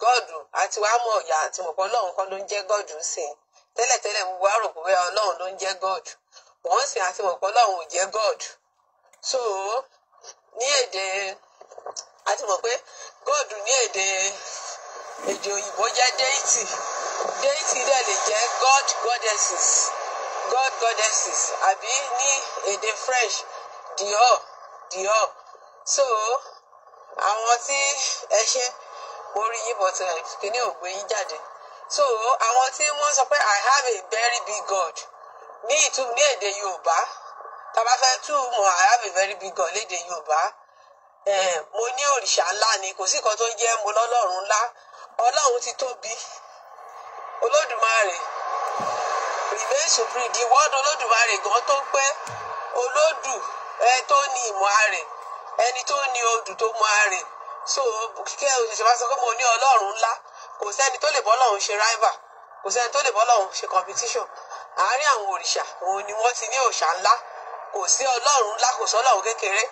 gọ́ọ̀dù àti wàá mọ̀ ọ̀yà àti mọ̀pọ̀ ọlọ́run kan ló ń jẹ́ gọ́ọ̀dù sí i tẹ́lẹ̀tẹ́lẹ̀ gbogbo àròkù bẹ́ẹ̀ ọlọ́run ló ń jẹ́ gọ́ọ̀dù wọ́n sì àti mọ̀pọ̀ ọlọ́run ò jẹ́ gọ́ọ̀dù so ní èdè àti mọ̀ pé gọ́ọ̀dù ní èdè èdè òyìnbó jẹ́ déètì deity dẹ̀ lè jẹ́ god goddesses god goddesses àbí ní èdè french dior dior so àwọn tí ẹ ṣe mo rí yín but eh, kíní ò gbé yín jáde so àwọn tí wọ́n sọ pé i have a very big god ní ìtumọ̀ ní èdè yorùbá tàbá fẹ́ túmọ̀ i have a very big god lédè yorùbá eh, mo ní òrìṣà ńlá ni kò sí nǹkan tó ń jẹ́ mo lọ́lọ́run ńlá ọlọ́run ti tóbi olódùmarè remain supreme the word olódùmarè gan tó pẹ́ olódù ẹ tó ní ìmọ̀ ààrẹ ẹni tó ní odù tó mọ ààrẹ so kíkẹ́ òṣìṣẹ́ bá sọ pé mo ní ọlọ́run ńlá kò sẹ́ni tó lè bọ́ lọ́run ṣe rival kò sẹ́ni tó lè bọ́ lọ́run ṣe competition àárín àwọn òrìṣà òun ni wọ́n ti ní òòṣà ńlá kò sí ọlọ́run ńlá kò sí ọlọ́run kékeré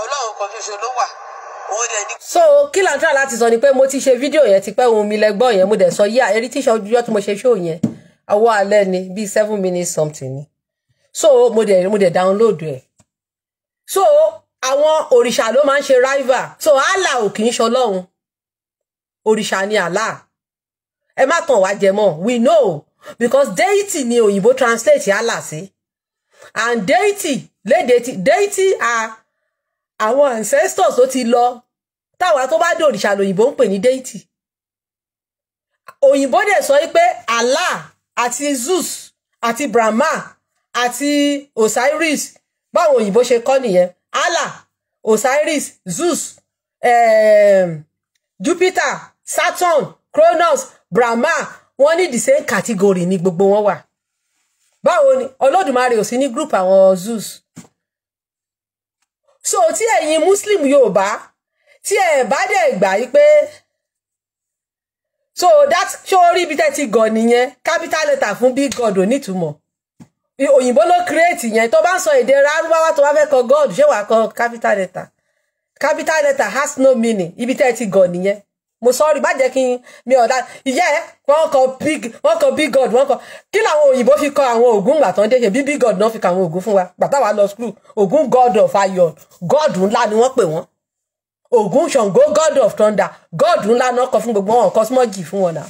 ọlọ́run kan ṣoṣo ló wà so kí là ń tà láti sọ ni pé mo ti ṣe fídíò yẹn tipẹ́ ohun mi lẹ́gbọ́n yẹn mo dẹ̀ sọ yí àyẹ̀rí tí ìṣọ́jújọ́ tí mo ṣe ṣó yẹn ọwọ́ alẹ́ ni bíi seven minutes something ni so mo dẹ̀ mo dẹ̀ download ẹ̀ so àwọn òrìṣà ló máa ń ṣe rival so Allah ò kì í ṣọlọ́run òrìṣà ni Allah ẹ má tàn wá jẹ mọ́ we know because deity ni òyìnbó translate Allah sí and deity lédè ti deity are àwọn ancestors tó ti lọ táwa tó bá dé òrìṣà lòyìnbó ń pè ní deity òyìnbó dẹ̀ sọ pé Allah àti Zeus àti Brahma àti Osiris báwọn òyìnbó ṣe kọ́ nìyẹn Allah Osiris Zeus um, Jupiter Saturn Cronus Brahma wọ́n ní the same category ni gbogbo wọn wà báwo ni Olódùmarè ò sí ní group àwọn Zeus so tí ẹ̀yin muslim yorùbá tí ẹ̀ bá dẹ̀ gbà yí pé so that ṣé orí ibi tẹ́ ti gàn nìyẹn capital letter fún big god ò nítumọ̀ òyìnbó ló create yẹn tó bá ń sọ èdè Lárúbáwá tó bá fẹ́ kọ god ṣé wàá kọ capital letter capital letter has no meaning ibi tẹ́ ti gàn nìyẹn mo sọrí má jẹ́ kí n mi ọ̀dà ìyá ẹ wọ́n kọ big wọ́n kọ big god wọ́n kọ kí làwọn òyìnbó fi kọ àwọn ògùn ìgbà tán déṣe bí big god náà fi kọ àwọn ògùn fún wa gbàtà wa lọ school ogun god of ayọ̀ god ńlá ni wọ́n pè wọ́n Ogun ṣàngó god of thunder god ńlá náà kọ fún gbogbo wọn kọ smọ́jì fún wọn náà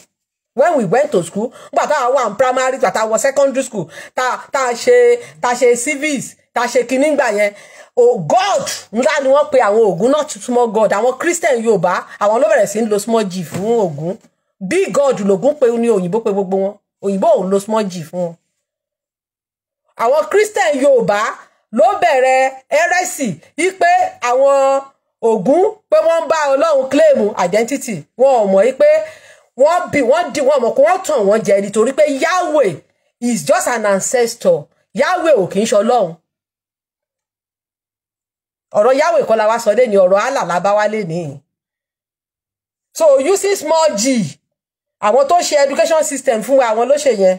when we went to school gbàtà wa wà primary gbàtà wọ secondary school ta ta ṣe ta ṣe civics ta ṣe kinní gbà yẹn oh god ńlá ni wọ́n pe àwọn ògún náà small god àwọn christian yorùbá àwọn ló bẹ̀rẹ̀ sí ń lo small g fún ògún big god lògún pe ní òyìnbó pe gbogbo wọn òyìnbó ò lo small g fún wọn. àwọn christian yorùbá ló bẹ̀rẹ̀ ẹrẹ́sì wípé àwọn ògún pé wọ́n ń bá ọlọ́run claim identity wọn ò mọ̀ wípé wọ́n bí wọ́n di wọn mọ̀ kó wọ́n tàn wọ́n jẹ nítorí pé yahweh is just an ancestor yahweh ò kì í ṣọlọ́run ọ̀rọ̀ yahwe kọ́ la wá sọ lé ọ̀rọ̀ allah la bá wá lé ní. so using small g àwọn tó ṣe education system fún wa àwọn ló ṣe yẹn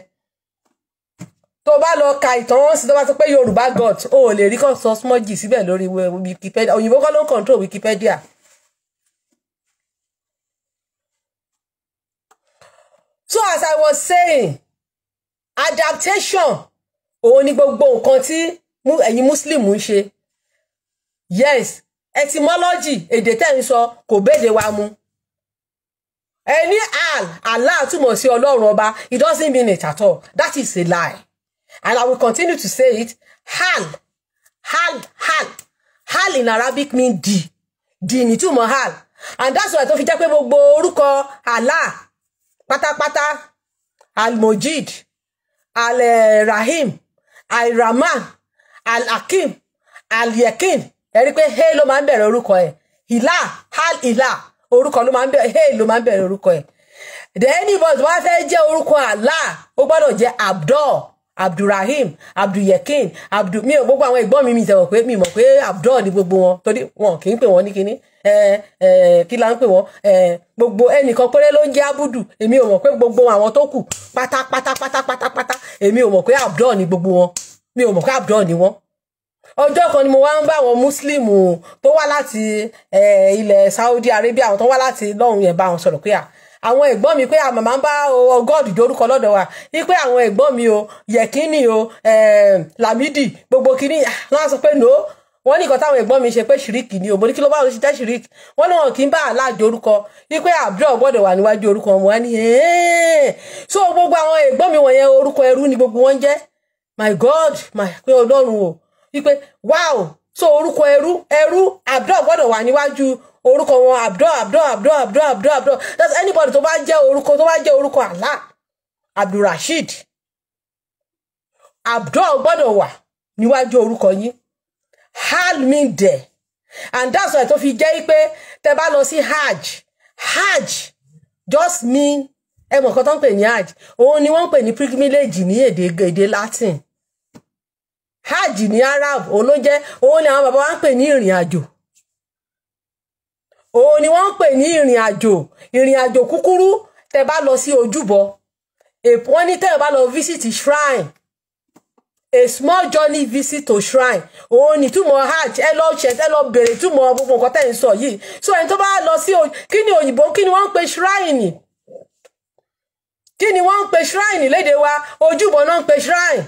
tó bá lọ ka ìtàn wọn sí tó bá sọ pé yorùbá got o ò lè rí kàn sọ small g síbẹ̀ lórí wikipedia òyìnbó kọ́ ló ń control wikipedia. so as i was saying adaptation òun ni gbogbo nǹkan tí ẹ̀yin muslim ń ṣe yes etymology èdè tẹ́ ń sọ kò béde wa mu ẹni al Allah túmọ̀ sí ọlọ́run ọba it doesn't mean it at all that is a lie and I will continue to say it hal hal hal hal in Arabic mean di di ni, nìtúmọ̀ hal and that's why tó fi jẹ́ pé gbogbo orúkọ Allah pátápátá almojid al alrahman al-Yakin ẹ rí i pé hey ló máa ń bẹ̀rẹ̀ orúkọ ẹ̀ ìlà hal ìlà orúkọ ló máa ń bẹ̀rẹ̀ hey ló máa ń bẹ̀rẹ̀ orúkọ ẹ̀ the anybody wá fẹ́ jẹ́ orúkọ Allah ó gbọ́dọ̀ jẹ́ abdul abdulrahim abdulyekin abdul mi ò gbogbo àwọn ìgbọ́n mi mi tẹ̀wọ̀ pé mi mọ̀ pé abdul ni gbogbo wọn torí wọn kì í pè wọ́n ní kinní kí la ń pè wọ́n gbogbo ẹnìkan péré ló ń jẹ́ abudu èmi ò mọ̀ pé gbogbo àwọn tó kù pátápátápátápátá èmi ò mọ̀ pé abdul ni gbogbo wọn mi ò mọ̀ pé abdul ni wọ́n ọjọ́ kan ni mo wá ń bá àwọn muslim tó wá láti ilẹ̀ Saudi Arabia àwọn tó wá láti lọ́hùn yẹn bá wọn sọ̀rọ̀ pé à àwọn ẹ̀gbọ́n mi pé àmọ̀ ń bá ọgọ́ọ̀dù dórúkọ lọ́dọ̀ wa wípé àwọn ẹ̀gbọ́n mi o yẹ̀kínì o Lámídì gbogbo kínní wọ́n sọ pé no wọ́n ní nǹkan táwọn ẹ̀gbọ́n mi ṣe pé ṣìríkì ni òbò ní kí ló bá wọn ṣe jẹ́ ṣìríkì wọ́n ní wọn kì í bá aláàjò orúkọ wípé àbúrò gbọ́dọ̀ wà níwájú orúkọ wọn wá ní so gbogbo àwọn ẹ̀gbọ́n mi wọ̀nyẹn orúkọ ẹrú ni gbogbo wọn jẹ́ my God my pé Ọlọ́run o wípé wow so orúkọ ẹrú ẹrú abdul gbọ́dọ̀ wà níwájú orúkọ wọn abdul abdul abdul abdul abdul abdul that's anybody tó bá jẹ́ orúkọ tó bá jẹ́ orúkọ allah abdulrasheed abdul gbọ́dọ̀ wà níwájú orúkọ yín halminde and that's why tó fi jẹ́ pé tẹ́ bá lọ sí hajj hajj just mean ẹ mọ̀ kan tó ń pè ní hajj òun ni wọ́n ń pè ní pilgrimage ní èdè èdè latin hajj ní arab òun ló jẹ́ òun ni àwọn bàbá wa ń pè ní ìrìn àjò òun ni wọ́n ń pè ní ìrìn àjò ìrìn àjò kúkúrú tẹ bá lọ sí ojúbọ wọ́n ní tẹ bá lọ visit shrine a small journey visit to shrine òun ni túmọ̀ hajj ẹ lọ ṣe ẹ lọ bèrè túmọ̀ gbogbo nǹkan tẹ̀ ń sọ yìí so ẹni tó bá lọ sí kí ni òyìnbó kí ni wọ́n ń pè shrine kí ni wọ́n ń pè shrine lédè wa ojúbọ náà ń pè shrine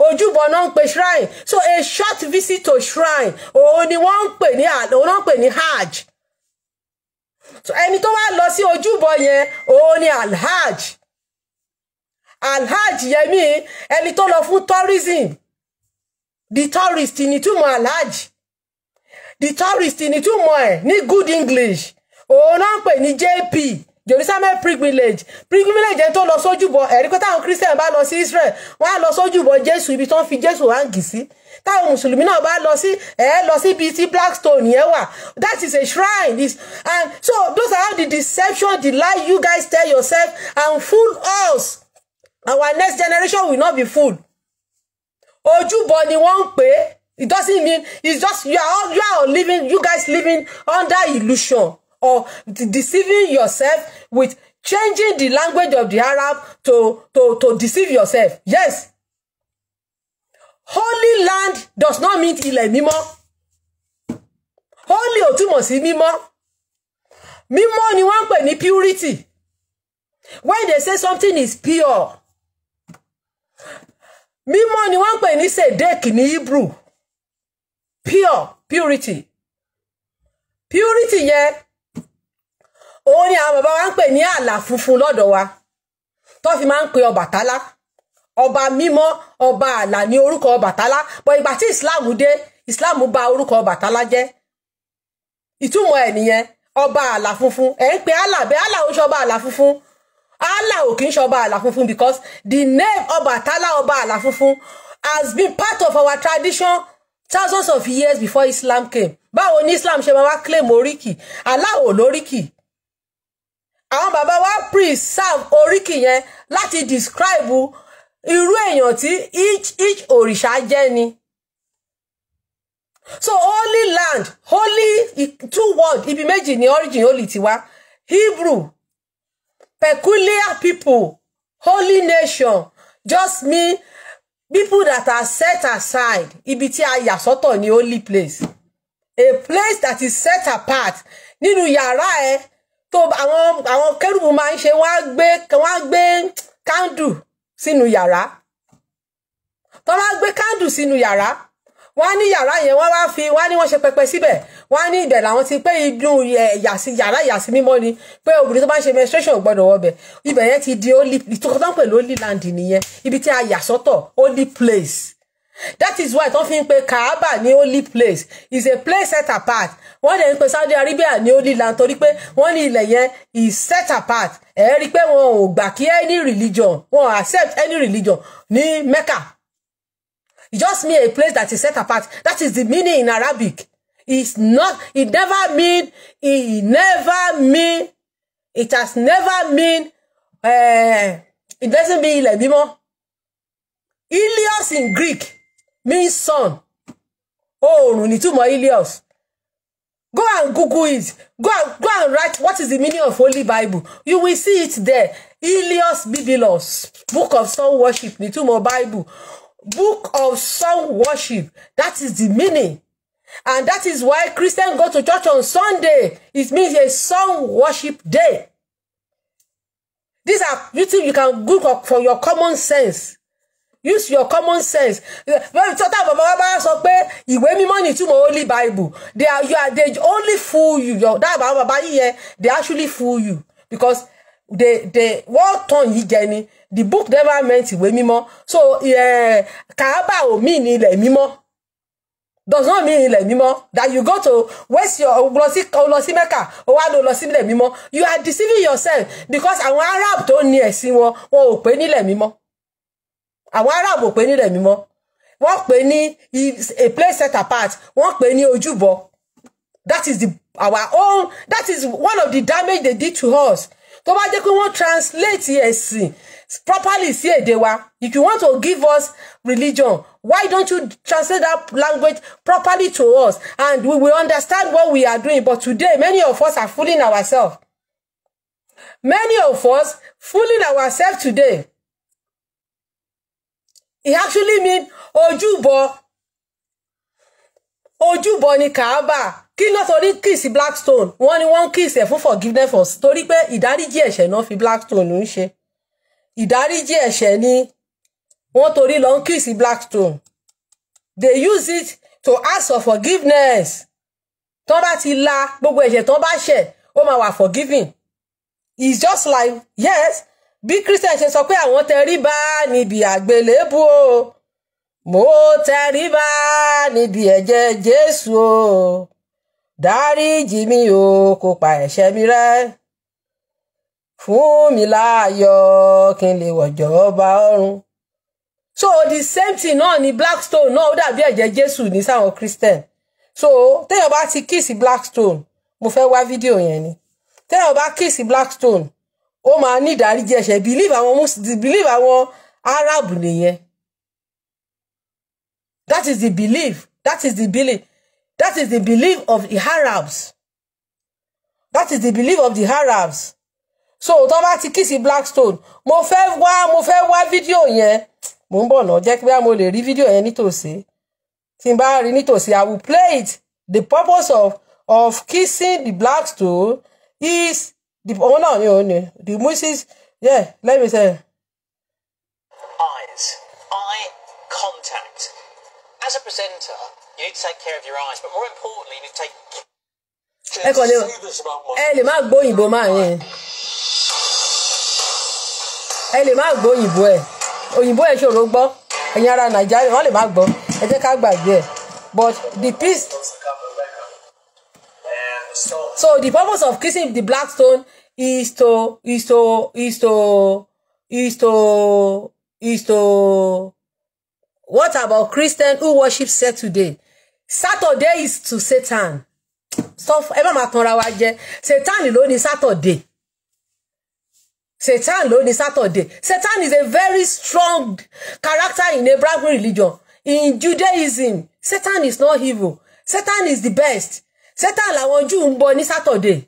ojúbọ náà ń pè shrine so a short visit to shrine òun ni wọ́n ń pè ní òun náà ń pè ní hajj so ẹni tó wá lọ sí ojúbọ yẹn òun ni alhaj alhaj yẹn mi ẹni tó lọ fún tourism the tourist ni túmọ̀ alhaj the tourist ni túmọ̀ ẹ̀ ní good english òun náà ń pè ní jp Jerusalem pilgrimage pilgrimage tó lọ sójúbọ ẹ̀rí pé táwọn Christian bá lọ sí Israel wọ́n á lọ sójúbọ Jésù ibi tó ń fi Jésù hàngì sí táwọn mùsùlùmí náà bá lọ sí ẹ lọ sí ibi tí Blackstone yẹn wà that is a shrine This and so those are how the deception the lie you guys tell yourself and fool us our next generation will not be fooled ojúbọ ni wọ́n ń pè é it doesn't mean it's just you are all you are all living you guys living under illusion or deceiving yourself with changing the language of the Arab to, to, to deceive yourself. Yes. Holy land does not mean ilẹ̀ mímọ́. Holy ò túmọ̀ sí mímọ́. Mímọ́ ni wọ́n ń pè ní purity. When they say something is pure. Mímọ́ ni wọ́n ń pè ní sedek ní Hebrew. Pure purity. Purity yẹn òun ni àwọn bàbá wa ń pè ní àlà funfun lọ́dọ̀ wa tó fi máa ń pe Ọbàtálá ọba mímọ́ ọba àlà ní orúkọ Ọbàtálá bọ ìgbà tí Islam dé Islam bà orúkọ Ọbàtálá jẹ́ ìtumọ̀ ẹ̀ nìyẹn ọba àlà funfun ẹ̀ ń pe Allah bẹ́ẹ̀ Allah ò ṣọba àlà funfun Allah ò kì í ṣọba àlà funfun because the name Ọbàtálá ọba àlà funfun has been part of our tradition thousands of years before Islam came báwo ni Islam ṣe máa wá claim oríkì Allah ò lóríkì àwọn bàbá wa preserve oríkì yẹn láti describe irú èèyàn tí each each òrìṣà jẹ́ ni so holy land holy two words. ibi méjì ni origin holy tiwa Hebrew peculiar people holy nation just mean people that are set aside ibi tí a yà sọ́tọ̀ ni holy place a place that is set apart nínú yàrá ẹ. E, tó àwọn àwọn kérúbù máa ń ṣe wọ́n á gbé wọ́n á gbé kándù sínú yàrá tó wọ́n á gbé kándù sínú yàrá wọ́n á ní yàrá yẹn wọ́n wá fi wọ́n á ní wọ́n ṣe pẹpẹ síbẹ̀ wọ́n á ní ibẹ̀ làwọn ti pé inú yàsí yàrá yàsí mímọ́ ni pé obìnrin tó bá ń ṣe menstruation ò gbọ́dọ̀ wọbẹ̀ ibẹ̀ yẹn ti di holy tó ń pè lórí land nìyẹn ibi tí a yà sọ́tọ̀ holy place that is why tó fi ń pe kaaba ní holy place is a place set apart wọ́n dẹ̀ ń pe Saudi Arabia ní holy land torí pé wọ́n ní ilẹ̀ yẹn is set apart ẹ̀ rí i pé wọn ò gbà kí any religion wọn accept any religion ní Mecca it just mean a place that is set apart that is the meaning in Arabic it's not it never mean it never mean it has never mean uh, it doesn't mean ilẹ̀ mímọ́ ilios in Greek means sun oòrùn nìtúmọ̀ Ilios. go and google it go and go and write what is the meaning of holy bible you will see it there Ilios Biblos book of sun worship nìtúmọ̀ bible book of sun worship that is the meaning and that is why Christians go to church on Sunday it means a sun worship day these are you think you can Google for your common sense use your common sense when total bàbá wa bá sọ pé ìwé mímọ́ ní túmọ̀ holy bible they are you are they only fool you your that bàbá bàbá yìí yẹn they actually fool you because they they what turn yìí jẹ ni the book never meant ìwé mímọ́ so yeah, kàábà ò mí ni le mimo does not mean le mimo that you go to waste your glossy glossy maker sí mẹ́kà o wá lọ sí ilẹ̀ mímọ́ you are deceiving yourself because àwọn arab tó ní ẹ̀sìn wọn wọn ò pé nílẹ̀ mímọ́ àwọn aráàbò pé ní rẹ̀ mímọ́ wọ́n pè ní a place set apart wọ́n pè ní ojúbọ that is the our own that is one of the damage they did to us tó bá jẹ́ pé wọ́n translate ẹ̀sìn properly sí èdè wa if you want to give us religion why don't you translate that language properly to us and we will understand what we are doing but today many of us are fooling ourselves many of us fooling ourselves today it actually mean ojúbọ ojúbọ ni Kaaba kí náà torí kiss Blackstone wọ́n ní wọ́n kiss ẹ̀ fún forgiveness for torí pé ìdáríjì ẹ̀ṣẹ̀ náà fi Blackstone ń ṣe ìdáríjì ẹ̀ṣẹ̀ ni wọ́n torí lọ ń kiss Blackstone they use it to ask for forgiveness tán bá ti la gbogbo ẹ̀ṣẹ̀ tán bá ṣẹ̀ ó máa wà forgiving it's just like yes bí christian ṣe sọ pé àwọn tẹríba níbi àgbélébù o mo tẹríba níbi ẹ̀jẹ̀ jésù o dáríjì mi o kó pa ẹ̀ṣẹ̀ mi rẹ́ fún mi láàyọ̀ kí n lè wọ̀jọ́ ọba ọ̀run so the same thing náà no, ni blackstone náà no, ó dàbí ẹ̀jẹ̀ jésù ní sáwọn christian so téèyàn bá ti kíìsì blackstone mo fẹ́ wá fídíò yẹn ni téèyàn bá kíìsì blackstone ó máa ní ìdáríjì ẹ̀ṣẹ̀ believe àwọn muslim believe àwọn arab nìyẹn that is the belief that is the belief that is the belief of the arabs that is the belief of the arabs so tó bá ti kí sí blackstone mo fẹ́ wá mo fẹ́ wá fídíò yẹn mo ń bọ̀ náà jẹ́ pé mo lè rí fídíò yẹn nítòsí tí n bá rí nítòsí i will play it the purpose of of kissing the black stone is òun náà ni òun ni the Moses yeah let me tell eyes eye contact as a presenter you need to take care of your eyes but more importantly you need to take. ẹ kàn lè ẹ lè má gbóyìnbó máa yẹn ẹ lè má gbóyìnbó Oh, òyìnbó ẹ ṣòro gbọ́ ẹ̀yin ara nàìjíríà wọ́n lè má gbọ́ ẹ jẹ́ ká gbàgbé ẹ̀ but the peace so the purpose of kissing the black stone isto, isto, isto, isto, isto. What about Christian who worship Saturday? Saturday is to Satan. So ẹ má máa tanra wa Satan ló ní Saturday. Satan alone is Saturday. Satan is a very strong character in Abraham religion. In Judaism, Satan is not evil. Satan is the best. Satan la Júù ń bọ Saturday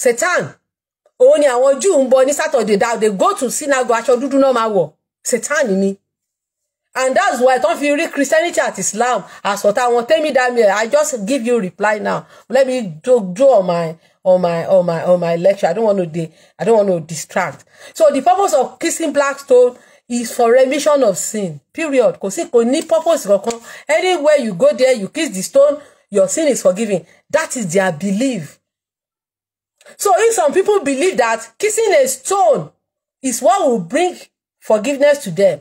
satan òun ni àwọn Júù ń bọ ní Saturday that they go to synagogue aṣọ dúdú náà máa wọ̀ satan ni and that's why tán fi rí Christianity at Islam àsọ̀tà àwọn tẹ́mi dami I just give you reply now let me do do on my on my on my on my lecture I don't want to dey I don't want to distract so the purpose of kissing black stone is for remission of sin period kò sí kò ní purpose kankan anywhere you go there you kiss the stone your sin is forgiven that is their belief So if some people believe that kissing a stone is what will bring forgiveness to them,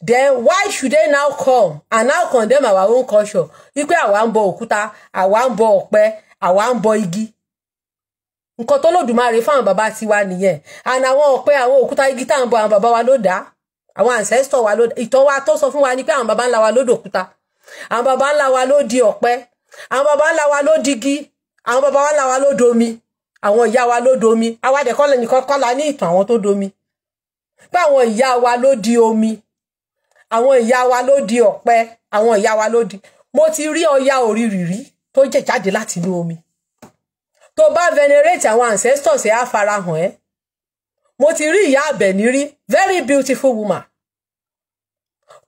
then why should they now come and now condemn our own culture? Ipe awa ń bọ òkúta, àwa ń bọ ọ̀pẹ, igi. Nǹkan tó lòdùmarè fáwọn bàbá tiwa nìyẹn. And àwọn ọ̀pẹ, àwọn okuta igi ta à ń bọ àwọn bàbá wa ló dá. ancestor wa loda dá. wa to so fún wa ni pé àwọn wa lodo okuta Àwọn baba nla wa lodi di ọ̀pẹ. baba nla wa lodi digi. Àwọn baba nla wa lodo domi. àwọn ìyá wa ló domi àwa dẹ̀ kọ́ nìkan kọ́ la ní ìtàn àwọn tó domi pé àwọn ìyá wa ló di omi àwọn ìyá wa ló di ọ̀pẹ àwọn ìyá wa ló di mo ti rí ọya òrìrì rí tó jẹ̀ jáde láti inú omi tó bá venerate àwọn ancestors ẹ̀ á farahàn ẹ́ mo ti rí ìyá àbẹ̀ní rí very beautiful woman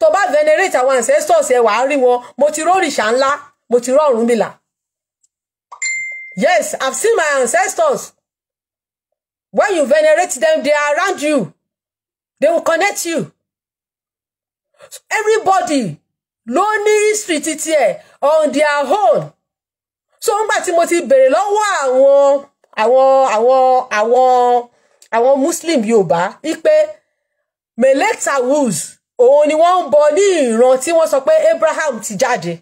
tó bá venerate àwọn ancestors ẹ̀ wàá rí wọn mo ti rórìṣà ńlá mo ti rọrùn mìlà Yes, I've seen my ancestors. When you venerate them, they are around you. They will connect you. So everybody lonely street it here on their own. So nígbà tí mo ti bèrè lọ́wọ́ àwọn àwọn àwọn àwọn àwọn Muslim Yorùbá wípé Meleta Woods òun ni wọ́n ń bọ ní ìran tí wọ́n sọ Abraham ti jáde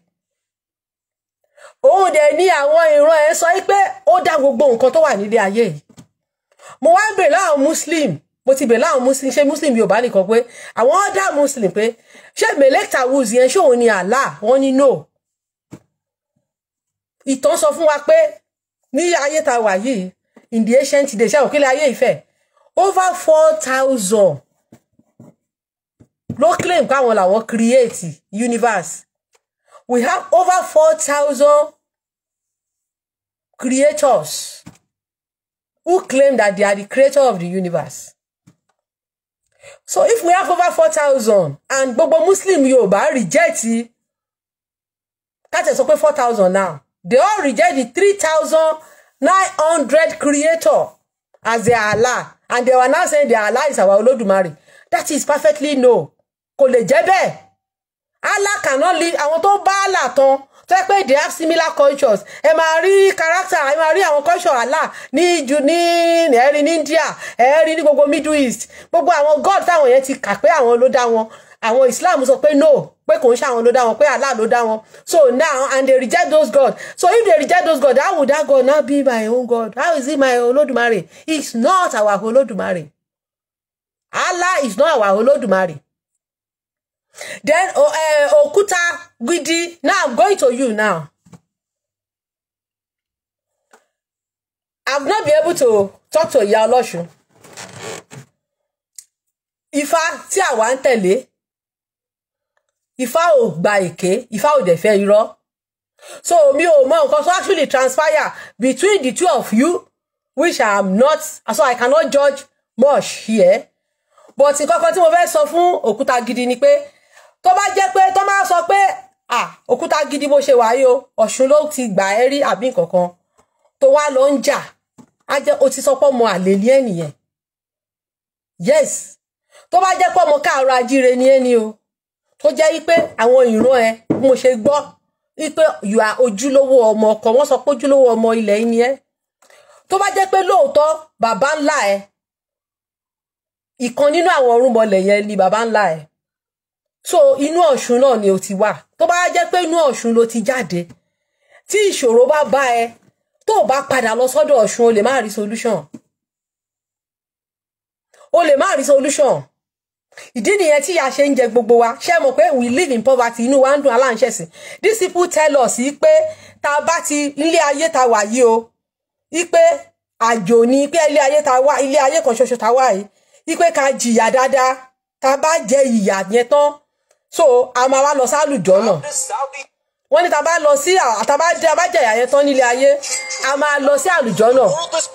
òun dẹ̀ ní àwọn ìran ẹ̀ sọ pé ó dá gbogbo nǹkan tó wà nílé ayé yìí mo wá bèrè láwọn muslim mo ti bèrè láwọn muslim ṣé muslim yorùbá nìkan pé àwọn ọ̀dà muslim pé ṣé melekta woods yẹn ṣé òun ni Allah wọ́n ní no ìtàn sọ fún wa pé ní ayé ta wà yìí in the ancient days ṣé òkèlè ayé ìfẹ́ over four thousand ló claim káwọn làwọn create universe we have over four thousand creators who claim that they are the creator of the universe. So if we have over four thousand and gbogbo Muslim Yorùbá reject káṣẹ sọ pé four thousand now they all reject the three thousand nine hundred creator as their Allah and they were now saying their Allah is our Olódùmarè that is perfectly no kò lè Allah cannot leave want to bá Allah tán tó pé they have similar cultures ẹ máa rí character ẹ máa rí àwọn culture Allah ní ju ní ẹ ní India ẹ rí ní gbogbo Middle East gbogbo àwọn god táwọn yẹn ti kà pé àwọn ló dá wọn àwọn Islam sọ pé no pé kò ń ṣe àwọn ló dá wọn pé Allah ló dá wọn so now and they reject those gods so if they reject those gods how would that god now be my own god how is he my Olódùmarè he is not our Olódùmarè Allah is not our Olódùmarè Then oh, uh, Okuta Gidi. Now I'm going to you now. I've not been able to talk to Ìyá Ọlọ́ṣun. Ifá tí àwa ń tẹ̀lé. Ifá ò gba èké, Ifá ò dẹ̀ fẹ́ irọ́. So mi ò mọ nǹkan So actually transpire between the two of you which I'm not so I cannot judge much here. But nǹkan kan tí mo fẹ́ sọ fún Òkúta Gidi ni pé tó bá jẹ́ pé tó máa sọ pé òkúta gidi bó ṣe wáyé o ọ̀ṣun ló ti gbà ẹ́ rí àbí nǹkankan tó wá lọ ń jà á jẹ́ o ti sọ pé ọmọ àlè ni ẹ́ yes tó bá jẹ́ pé ọmọ káàárọ̀ ajíire ni ẹ́ ni o tó jẹ́ wípé àwọn ìran ẹ mo ṣe gbọ́ wípé you are ojúlówó ọmọ ọkọ wọ́n sọ pé ojúlówó ọmọ ilẹ̀ yìí ni ẹ́ tó bá jẹ́ pé lóòótọ́ bàbá ńlá ẹ ìkan nínú àwọn orúnmọlẹ̀ yẹn ni bàbá ńlá ẹ so inú ọ̀ṣun náà ni o ti wà tó bá jẹ́ pé inú ọ̀ṣun ló ti jáde tí ìṣòro bá bá ẹ tó bá padà lọ sọ́dọ̀ ọ̀ṣun o lè má rí solution o lè má rí solution ìdí nìyẹn tí a ṣe ń jẹ gbogbo wa ṣe mọ̀ pé we live in poverty inú wa ń dùn aláǹṣẹ̀sìn these people tell us pé tá bá ti ilé ayé ta wà yìí o pé àjò ni pé ilé ayé ta wà ilé ayé kan ṣoṣo ta wà yìí pé ká jìyà dáadáa tá bá jẹ ìyà yẹn tán so a máa wá lọ sálùjọ náà wọ́n ní ta bá lọ sí àtàbá jẹ́ abájẹ̀yà yẹn tán nílé ayé a máa lọ sí àlùjọ náà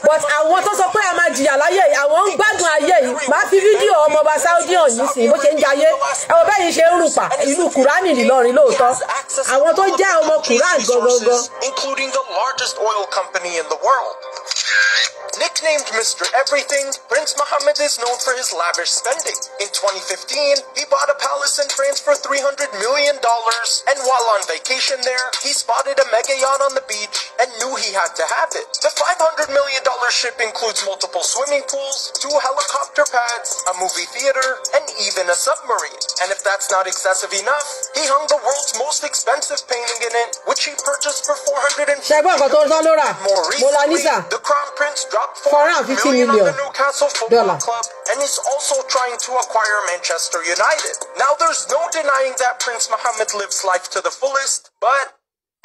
but àwọn tó sọ pé a máa jìyà láyé yìí àwọn ń gbádùn ayé yìí máa fi fídíò ọmọọba sáúdí hàn yìí sí bó ṣe ń jayé ẹwọ bẹ́yìn ṣe ń rùpà ìlú kùránì nìlọrin lóòótọ́ àwọn tó jẹ́ ọmọ kùránì gangan. Nicknamed Mr. Everything, Prince Mohammed is known for his lavish spending. In 2015, he bought a palace in France for $300 million, and while on vacation there, he spotted a mega yacht on the beach and knew he had to have it. The $500 million ship includes multiple swimming pools, two helicopter pads, a movie theater, and even a submarine. And if that's not excessive enough, he hung the world's most expensive painting in it, which he purchased for 400 million. more recently, the Crown Prince dropped 400 million, million on the Newcastle Football dollar. Club and is also trying to acquire Manchester United. Now, there's no denying that Prince Mohammed lives life to the fullest, but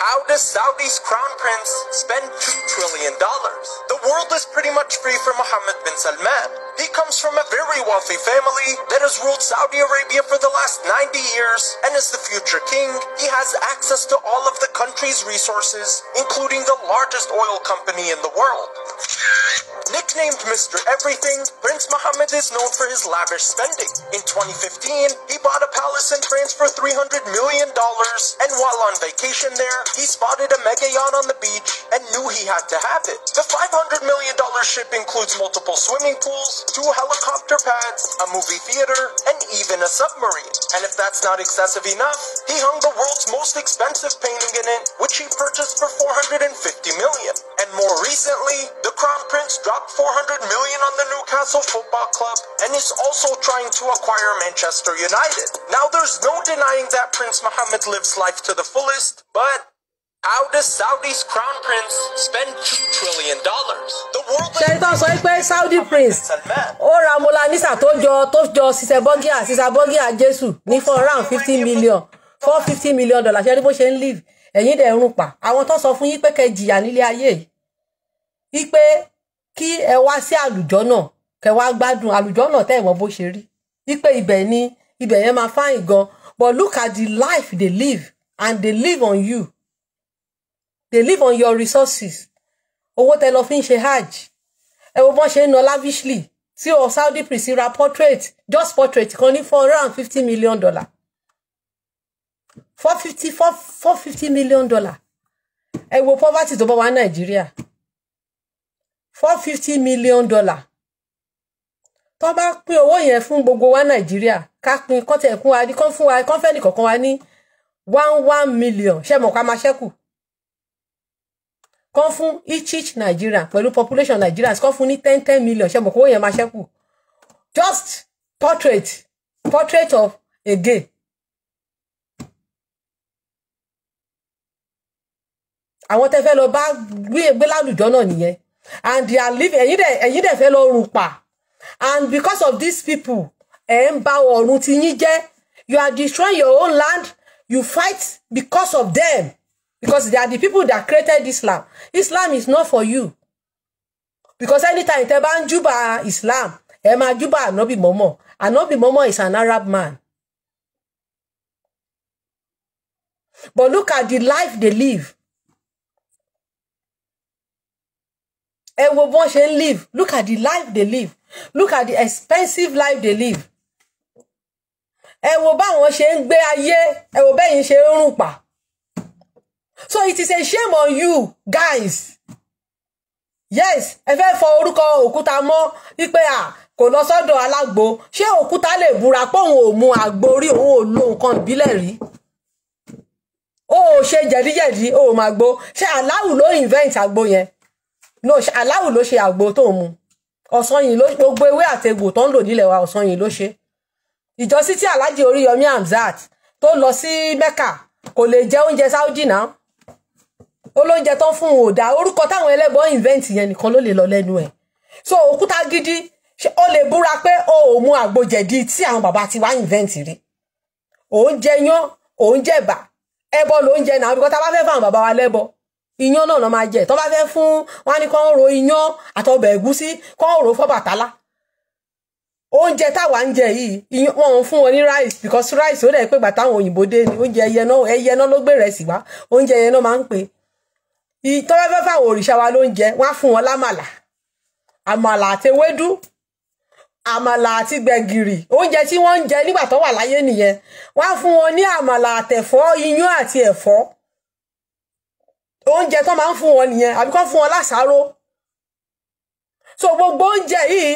how does Saudi's crown prince spend $2 trillion? The world is pretty much free for Mohammed bin Salman. He comes from a very wealthy family that has ruled Saudi Arabia for the last 90 years and is the future king. He has access to all of the country's resources, including the largest oil company in the world. Nicknamed Mr. Everything, Prince Mohammed is known for his lavish spending. In 2015, he bought a palace in France for $300 million, and while on vacation there, he spotted a mega yacht on the beach and knew he had to have it. The $500 million ship includes multiple swimming pools, two helicopter pads, a movie theater, and even a submarine. And if that's not excessive enough, he hung the world's most expensive painting in it, which he purchased for 450 million. And more recently, the Crown Prince dropped 400 million on the Newcastle Football Club and is also trying to acquire Manchester United. Now there's no denying that Prince Mohammed lives life to the fullest, but How does Saudi's crown prince spend two trillion dollars? ṣẹ́ńtọ́ sọ pé Saudi prince ó ra molanisa tó jọ tó jọ ṣiṣẹ́ bọ́gíà ṣiṣẹ́ bọ́gíà jésù ní four round fifteen million four fifty million dollars ṣe rí bó ṣe ń live ẹ̀yìn dẹ̀ ń rún pa àwọn tó sọ fún yín pé kẹ́ jìyà nílé ayé yìí pé kí ẹ wá sí àlùjọ náà kẹ́ wá gbádùn àlùjọ náà tẹ́ ìwọ̀n bó ṣe rí yìí pé ibẹ̀ ni ibẹ̀ yẹn máa fáyìn gan but look at the life they live and they live on you they live on your resources owó tẹ lọ fi ń ṣe hajj ẹ wo bọ́n ṣe ń ná lavishly tí o Saudi prince ra portrait just portrait kan ní four hundred and fifty million dollar four fifty four four fifty million dollar ẹ wo poverty tó bá wà Nàìjíríà four fifty million dollar tó bá pín owó yẹn fún gbogbo wa Nàìjíríà ká pín kọ́tẹ̀kún wa ní kán fún wa kán fẹ́ wa ní one one million ṣé mọ̀ ká máa ṣẹ́kù kán fún each each Nigerian pẹ̀lú population Nigerians kán fún ní ten ten million ṣe mọ̀ kó yẹn máa ṣẹ́kù just portrait portrait of a gay àwọn tẹ́ fẹ́ lọ bá gbé gbé lálùjọ náà nìyẹn and they are living ẹ̀yin dẹ̀ ẹ̀yin dẹ̀ fẹ́ lọ rùn pa and because of these people ẹ ń bà ọ̀run ti yín jẹ́ you are destroying your own land you fight because of them because they are the people that created Islam Islam is not for you because anytime tẹ́ bá ń júbà Islam ẹ máa júbà ànábì mọ́mọ́ ànábì mọ́mọ́ is an Arab man but look at the life they live ẹ wo bọ́n ṣe live look at the life they live look at the expensive life they live ẹ wo báwọn ṣe ń gbé ayé ẹ wo bẹ́yìn ṣe ń rùn pa so it is a shame on you guys yes ever fẹ́ fọ orúkọ mo mọ́ wípé à kò lọ sọ́dọ̀ alágbo ṣé òkúta lè búra pé òun mu àgbo rí òun ò lo nǹkan ìbílẹ̀ rí ó ṣe jẹ̀díjẹ̀dí ó máa gbo ṣé aláwù ló invent àgbo yẹn no aláwù ló ṣe àgbo tó mu ọ̀sán yìí ló gbogbo ewé àtegbò tó ń lò nílẹ̀ wa ọ̀sán yìí ló ṣe ìjọsí tí aláàjì Oríyọmí Hamzat tó lọ sí Mẹ́kà kò lè jẹ oúnjẹ Saudi náà olóúnjẹ tán fún un ò dá orúkọ táwọn ẹlẹ́bọ invent yẹn nìkan ló lè lọ lẹ́nu ẹ̀ so òkúta gidi ó lè búra pé o ò mu àgbòjẹ̀dí tí àwọn bàbá ti wá invent rí òun jẹ yán òun jẹ bà ẹbọ ló ń jẹ náà bíkọ́ tá a bá fẹ́ fún àwọn bàbá wa lẹ́bọ iyán náà ló máa jẹ tó bá fẹ́ fún wọn ni kàn ro iyán àtọbẹ̀ ẹ̀gúsí kàn ro fọ́bàtálá oúnjẹ táwa ń jẹ yìí wọn ò fún wọn ní rice because rice ó dẹ̀ pé gbà táwọn òyìnbó dé ni oúnjẹ ẹyẹ náà ẹyẹ náà ló gbé rẹ̀ sí wá oúnjẹ ẹyẹ náà máa ń pè tó bá fẹ́ fáwọn òrìṣà wa lóúnjẹ wọ́n á fún wọn lámàlà àmàlà àti ewédú àmàlà àti gbẹ̀gìrì oúnjẹ tí wọ́n ń jẹ nígbà tó wà láyé nìyẹn wọ́n á fún wọn ní àmàlà àtẹ̀fọ́ iyán àti ẹ̀fọ́ oúnjẹ tó máa ń fún wọn nìyẹn àbí fún wọn lásàárò so gbogbo oúnjẹ yìí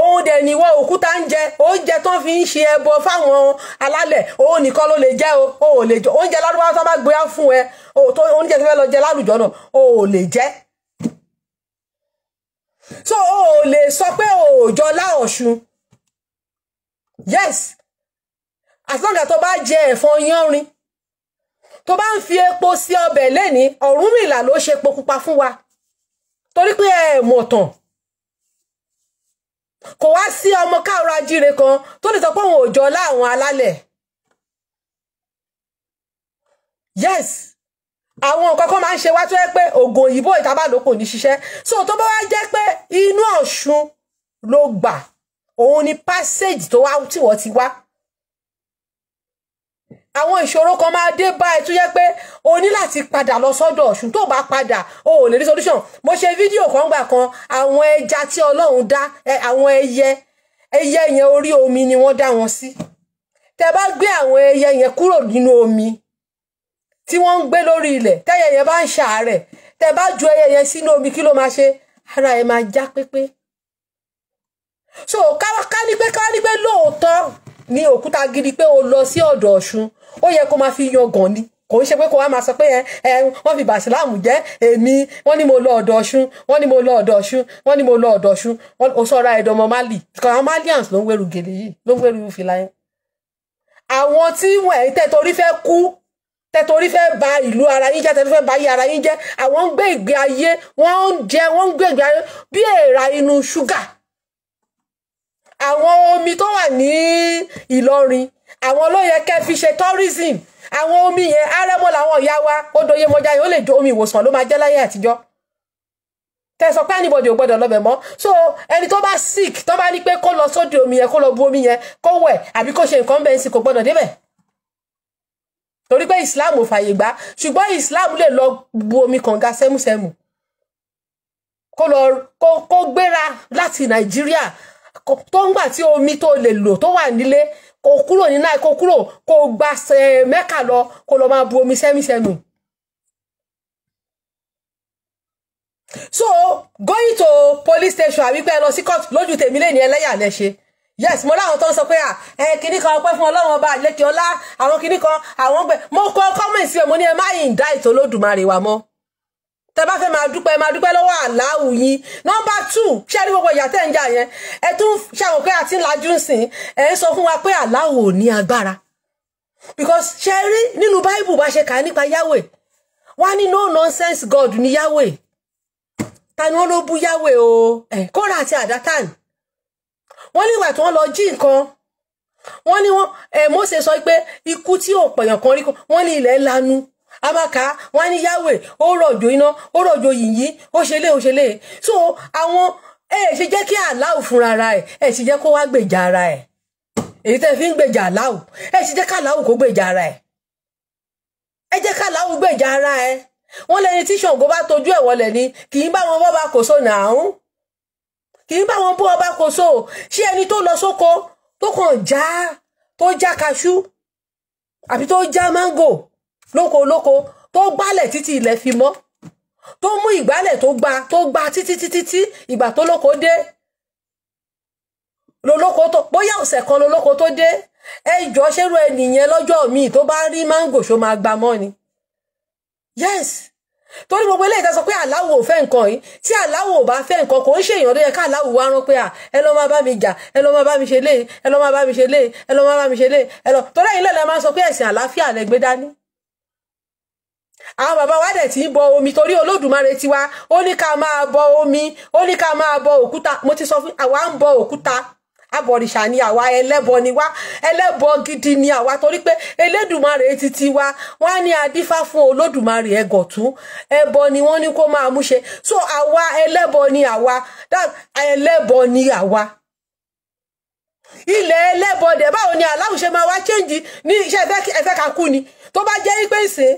òun dẹ̀ ni wọ́n òkúta ń jẹ oúnjẹ tó fi ń ṣe ẹbọ fáwọn alálẹ̀ òun nìkan ló lè jẹ o ò lè jẹ oúnjẹ lárúbáwá tó bá gbéyà fún ẹ oúnjẹ tó fẹ́ lọ jẹ lálùjọ náà ò lè jẹ so o ò lè sọ pé òòjọ láọ̀ṣun yes àtúntàǹgà tó bá jẹ ẹ̀fọn yánrin tó bá ń fi epo sí ọbẹ̀ lẹ́ni Ọ̀rúnmìlà ló ṣe epo pupa fún wa torí pé ẹ mọ̀ tán kò wá sí ọmọ káàrọ̀ ajíire kan tó lè sọ pé òun ò jọ láwọn alálẹ̀ yes àwọn nǹkan kan máa ń ṣe wá tó yẹ pé ògùn òyìnbó ìtaba ló kò ní ṣiṣẹ́ so tó bá wá jẹ́ pé inú Ọ̀ṣun ló gbà òun ni passage tó wá tí wọ́n ti wá àwọn ìṣòro kan máa dé bá ẹ tó yẹ pé o ní láti padà lọ sọ́dọ̀ Ọ̀ṣun tó bá padà o ò lè rí solution mo ṣe fídíò kan gbà kan àwọn ẹja tí Ọlọ́run dá àwọn ẹyẹ ẹyẹ yẹn orí omi ni wọ́n dá wọn sí tẹ bá gbé àwọn ẹyẹ yẹn kúrò nínú omi tí wọ́n ń gbé lórí ilẹ̀ tẹ́yẹ yẹn bá ń ṣàárẹ̀ tẹ bá ju ẹyẹ yẹn sínú omi kí ló máa ṣe ara ẹ máa já pépé so ká ní pé ká ní pé lóòótọ́ ni òkúta gidi pé o lọ sí ọ̀dọ̀ Ọ̀ṣun ó yẹ kó máa fi yangàn ni kò ń ṣe pé kó wá máa sọ pé ẹ wọ́n fi bàṣíláàmù jẹ́ èmi wọ́n ní mo lọ ọ̀dọ̀ ọ̀ṣun wọ́n ní mo lọ ọ̀dọ̀ ọ̀ṣun wọ́n ní mo lọ ọ̀dọ̀ ọ̀ṣun ó sọra ẹ̀dọ̀ ọmọ mali àwọn malians ló ń wẹ̀rù gèlè yìí ló ń wẹ̀rù fìlà yẹn. àwọn tí wọ́n ẹ̀ tẹ̀torí fẹ́ kú tẹ̀torí fẹ́ ba ìlú ara yín jẹ́ tẹ̀torí fẹ́ ba ayé ara yín jẹ́ àwọn ń gbé ìgbé ayé wọ́n ń jẹ wọ́n ń gbé ìgbé ayé bí èèrà inú ṣúgà àwọn omi tó wà ní Ìlọrin àwọn ló yẹ kẹ́ fi ṣe tourism àwọn omi yẹn arẹ́mọ́ làwọn ìyá wa odò Yemọja yìí ó lè jọ omi ìwòsàn ló máa jẹ́ láyé àtijọ́ tẹsán pé anybody ò gbọ́dọ̀ lọbẹ mọ́ so ẹni tó bá sick tó bá ní pé kó lọ sódì omi yẹn kó lọ bu omi yẹn kó wẹ̀ àbí kó ṣe nǹkan bẹ́ẹ̀ sì kò gbọ́dọ̀ débẹ̀ torí pé islam ò fàyè gbà ṣùgbọ́n islam lè lọ bu omi kànga sẹ́mùsẹ́mù kó lọ kó gbéra láti nàìjíríà tó ń gbà tí omi tó lè lò tó wà nílé kò kúrò ní náà kò kúrò kò gba mẹ́kà lọ kò lọ máa bu omi sẹ́mísẹ́nu. so going to police station àbí pé ẹ lọ sí court lójú tèmi lè ní ẹlẹ́yà lẹ ṣe yes mo láwọn tó ń sọ pé à ah, ẹ kinní kan ọpẹ́ fún Ọlọ́run ọba àlékè ọlá àwọn kinní kan àwọn gbẹ mo kọ kọmẹǹsì ẹ mo ní ẹ má yìn dá wa mọ́ tẹ bá fẹ́ máa dúpẹ́ máa dúpẹ́ lọ́wọ́ àláwù yín nọ́mbà two ṣẹ́rí gbogbo ìyá tẹ́ ń jà yẹn ẹ tún ṣàwọn pé àti lajú sìn ẹ ń sọ fún wa pé àláwù ò ní agbára because ṣẹ́rí nínú báìbù bá ṣe kà á nípa Yahweh wá ní no nonsense God ní Yahweh ta ni wọ́n ló bú Yahweh o ẹ̀ kóra àti àdátàn wọ́n nígbà tí wọ́n lọ jí nǹkan wọ́n ní wọ́n ẹ̀ Mósè sọ pé ikú tí ò pẹ̀yàn kan rí kan wọ́n ní ilẹ̀ lanu a máa kà á wọn á ní yáwè ó rọ̀jò iná ó rọ̀jò yìnyín ó ṣe lé ó ṣe lé so àwọn ẹ ẹ ṣe jẹ́ kí aláwò fúnra ara ẹ ẹ ṣe jẹ́ kó wá gbèjà ara ẹ èyí tẹ́ fi ń gbèjà aláwò ẹ ṣe jẹ́ káláwò kó gbèjà ara ẹ ẹ jẹ́ káláwò gbèjà ara ẹ wọ́n lẹni tí Ṣàngó bá tojú ẹ̀ wọlẹ̀ ni kì í bá wọn bọ́ bá kò so nàáhùn kì í bá wọn bọ́ bá kò so ṣé ẹni tó lọ sóko tó kàn já tó já kaṣú àbí tó já mángò lóko lóko tó gbálẹ̀ títí ilẹ̀ fi mọ́ tó mú ìgbálẹ̀ tó gba tó gba títí títí tí ìgbà tó lóko dé lolóko tó bóyá ọ̀sẹ̀ kan lolóko tó dé ẹ jọ ṣerú ẹnìyẹn lọ́jọ́ míì tó bá rí máńgò ṣó máa gba mọ́ ni yes torí gbogbo eléyìí tá sọ pé aláwo ò fẹ́ nǹkan yìí tí aláwo ò bá fẹ́ nǹkan kò ń ṣèyàn ló yẹ ká aláwo wá rán pé à ẹ lọ́ máa bá mi jà ẹ lọ́ máa bá mi ṣe léyìí ẹ lọ́ máa bá mi ṣe léyìí ẹ lọ́ máa bá mi ṣe léyìí ẹ lọ́ torí ẹ̀yin lẹ́la máa sọ pé ẹ̀sìn àlàáfíà lẹ gbé dání àwọn bàbá wa dẹ̀ ti ń bọ omi torí olódùmarè tiwa ó ní ká máa bọ omi ó ní ká máa bọ òkúta mo ti sọ fún àwa ń bọ òkúta abọ̀rìṣà ni àwa ẹlẹ́bọ ni wá ẹlẹ́bọ gidi ni àwa torí pé elédùmarè ti ti wa wọ́n á ní adífá fún olódùmarè ẹgọ̀tún ẹbọ ni wọ́n ní kó máa mú ṣe so àwa ẹlẹ́bọ ni àwa ẹlẹ́bọ ni àwa ilẹ̀ ẹlẹ́bọ dẹ̀ báwo ni aláwùṣe máa wá chẹ́ǹjì ní iṣẹ́ ẹ̀fẹ́ kakú ni tó bá jẹ́ pé ṣe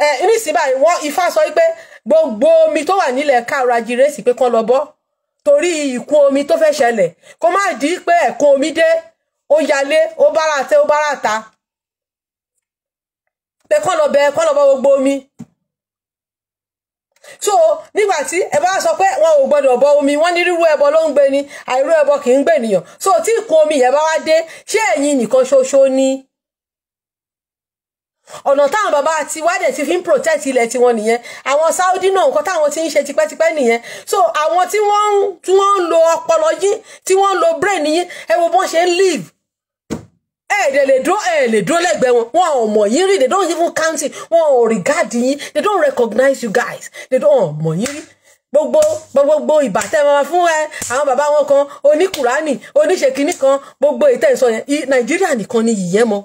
ẹ nísìnyí báyìí wọ́n ifá sọ pé gbogbo omi tó wà nílẹ̀ káàrọ̀ ajírẹ́sì pé kán lọ bọ́ torí ìkún omi tó fẹ́ ṣẹlẹ̀ kó má dì í pé ẹ̀kún omi dé ó yalé ó bára tẹ ó bára ta pé kán lọ bẹ kán lọ bọ́ gbogbo omi so nígbà tí ẹ bá sọ pé wọn ò gbọdọ̀ bọ omi wọn ní rírú ẹbọ ló ń gbé ni àìrú ẹbọ kì í gbènìyàn so tí ìkún omi yẹn bá wá dé ṣé ẹ̀yin nìkan ṣoṣo ni ọ̀nà táwọn bàbá àti wádẹ̀ ti fi ń protect ilẹ̀ tiwọn nìyẹn àwọn Saudi náà nǹkan táwọn ti ń ṣe tipẹ́tipẹ́ nìyẹn so àwọn tí wọ́n ń tí wọ́n ń lo ọpọlọ yín tí wọ́n ń lo brain yín ẹ wo bọ́n ṣe ń live ẹ ẹ̀ lè dúró ẹ lè dúró lẹ́gbẹ̀ẹ́ wọn wọn ò mọ̀ yín rí they don't even count it wọn ò regard yín they don't recognize you guys they don't mọ̀ yín rí gbogbo gbogbo ìbà tẹ́ máa fún ẹ àwọn bàbá wọn kan oníkùránì oníṣèkínní kan gbogbo ìtẹ̀sọ yẹn nàìjíríà nìkan ni yìí yẹn mọ́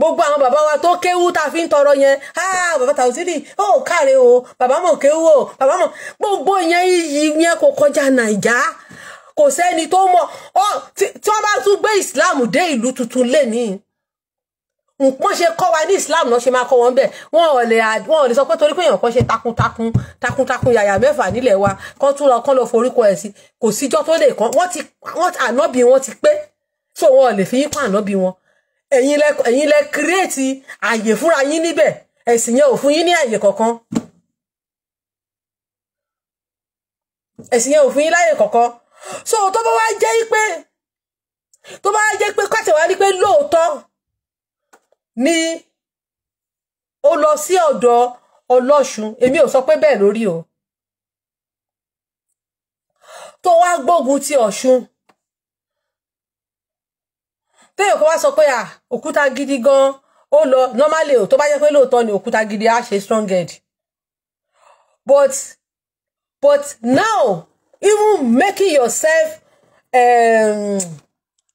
gbogbo àwọn bàbá wa tó kéwú tá a fi ń tọrọ yẹn ah bàbá tàwùsílì ó káre o bàbá mọ̀ kéwú o bàbá mọ̀ gbogbo yẹn iyì yẹn kò kọjá nàìjà kò sẹ́ni tó mọ̀ ọ tí wọ́n bá tún gbé islam dé ìlú tuntun lẹ́ni wọ́n ṣe kọ́ wa ní islam náà ṣe máa kọ́ wọn bẹ̀ wọ́n ò lè wọ́n ò lè sọ pé torí pé èèyàn kan ṣe takuntakun takuntakun yàyà mẹ́fà nílẹ̀ wa kan tún lọ kán lọ forúkọ ẹ̀ sí kò síjọ́ tó lè kán wọ́n ti ànábì wọn ti pé so wọn ò lè fi yín kọ́ ànábì wọn ẹ̀yin lẹ ẹ̀yin lẹ kírètì àyè fúnra yín níbẹ̀ ẹ̀sìn yẹn ò fún yín ní àyè kankan ẹ̀sìn yẹn ò fún yín láyè kankan so tó bá wá jẹ́ pé tó bá wá jẹ́ pé kátẹ̀wá rí pé lóòótọ́ ni ó lọ sí ọ̀dọ̀ ọlọ́ṣun èmi ò sọ pé bẹ́ẹ̀ lórí o tó wá gbógun ti ọ̀ṣun téèyàn kó wá sọ pé à ah, òkúta gidi gan ó lọ normally ò tó bá yẹ pé lóòótọ́ ni òkúta gidi á ṣe strong head but but now even making yourself um,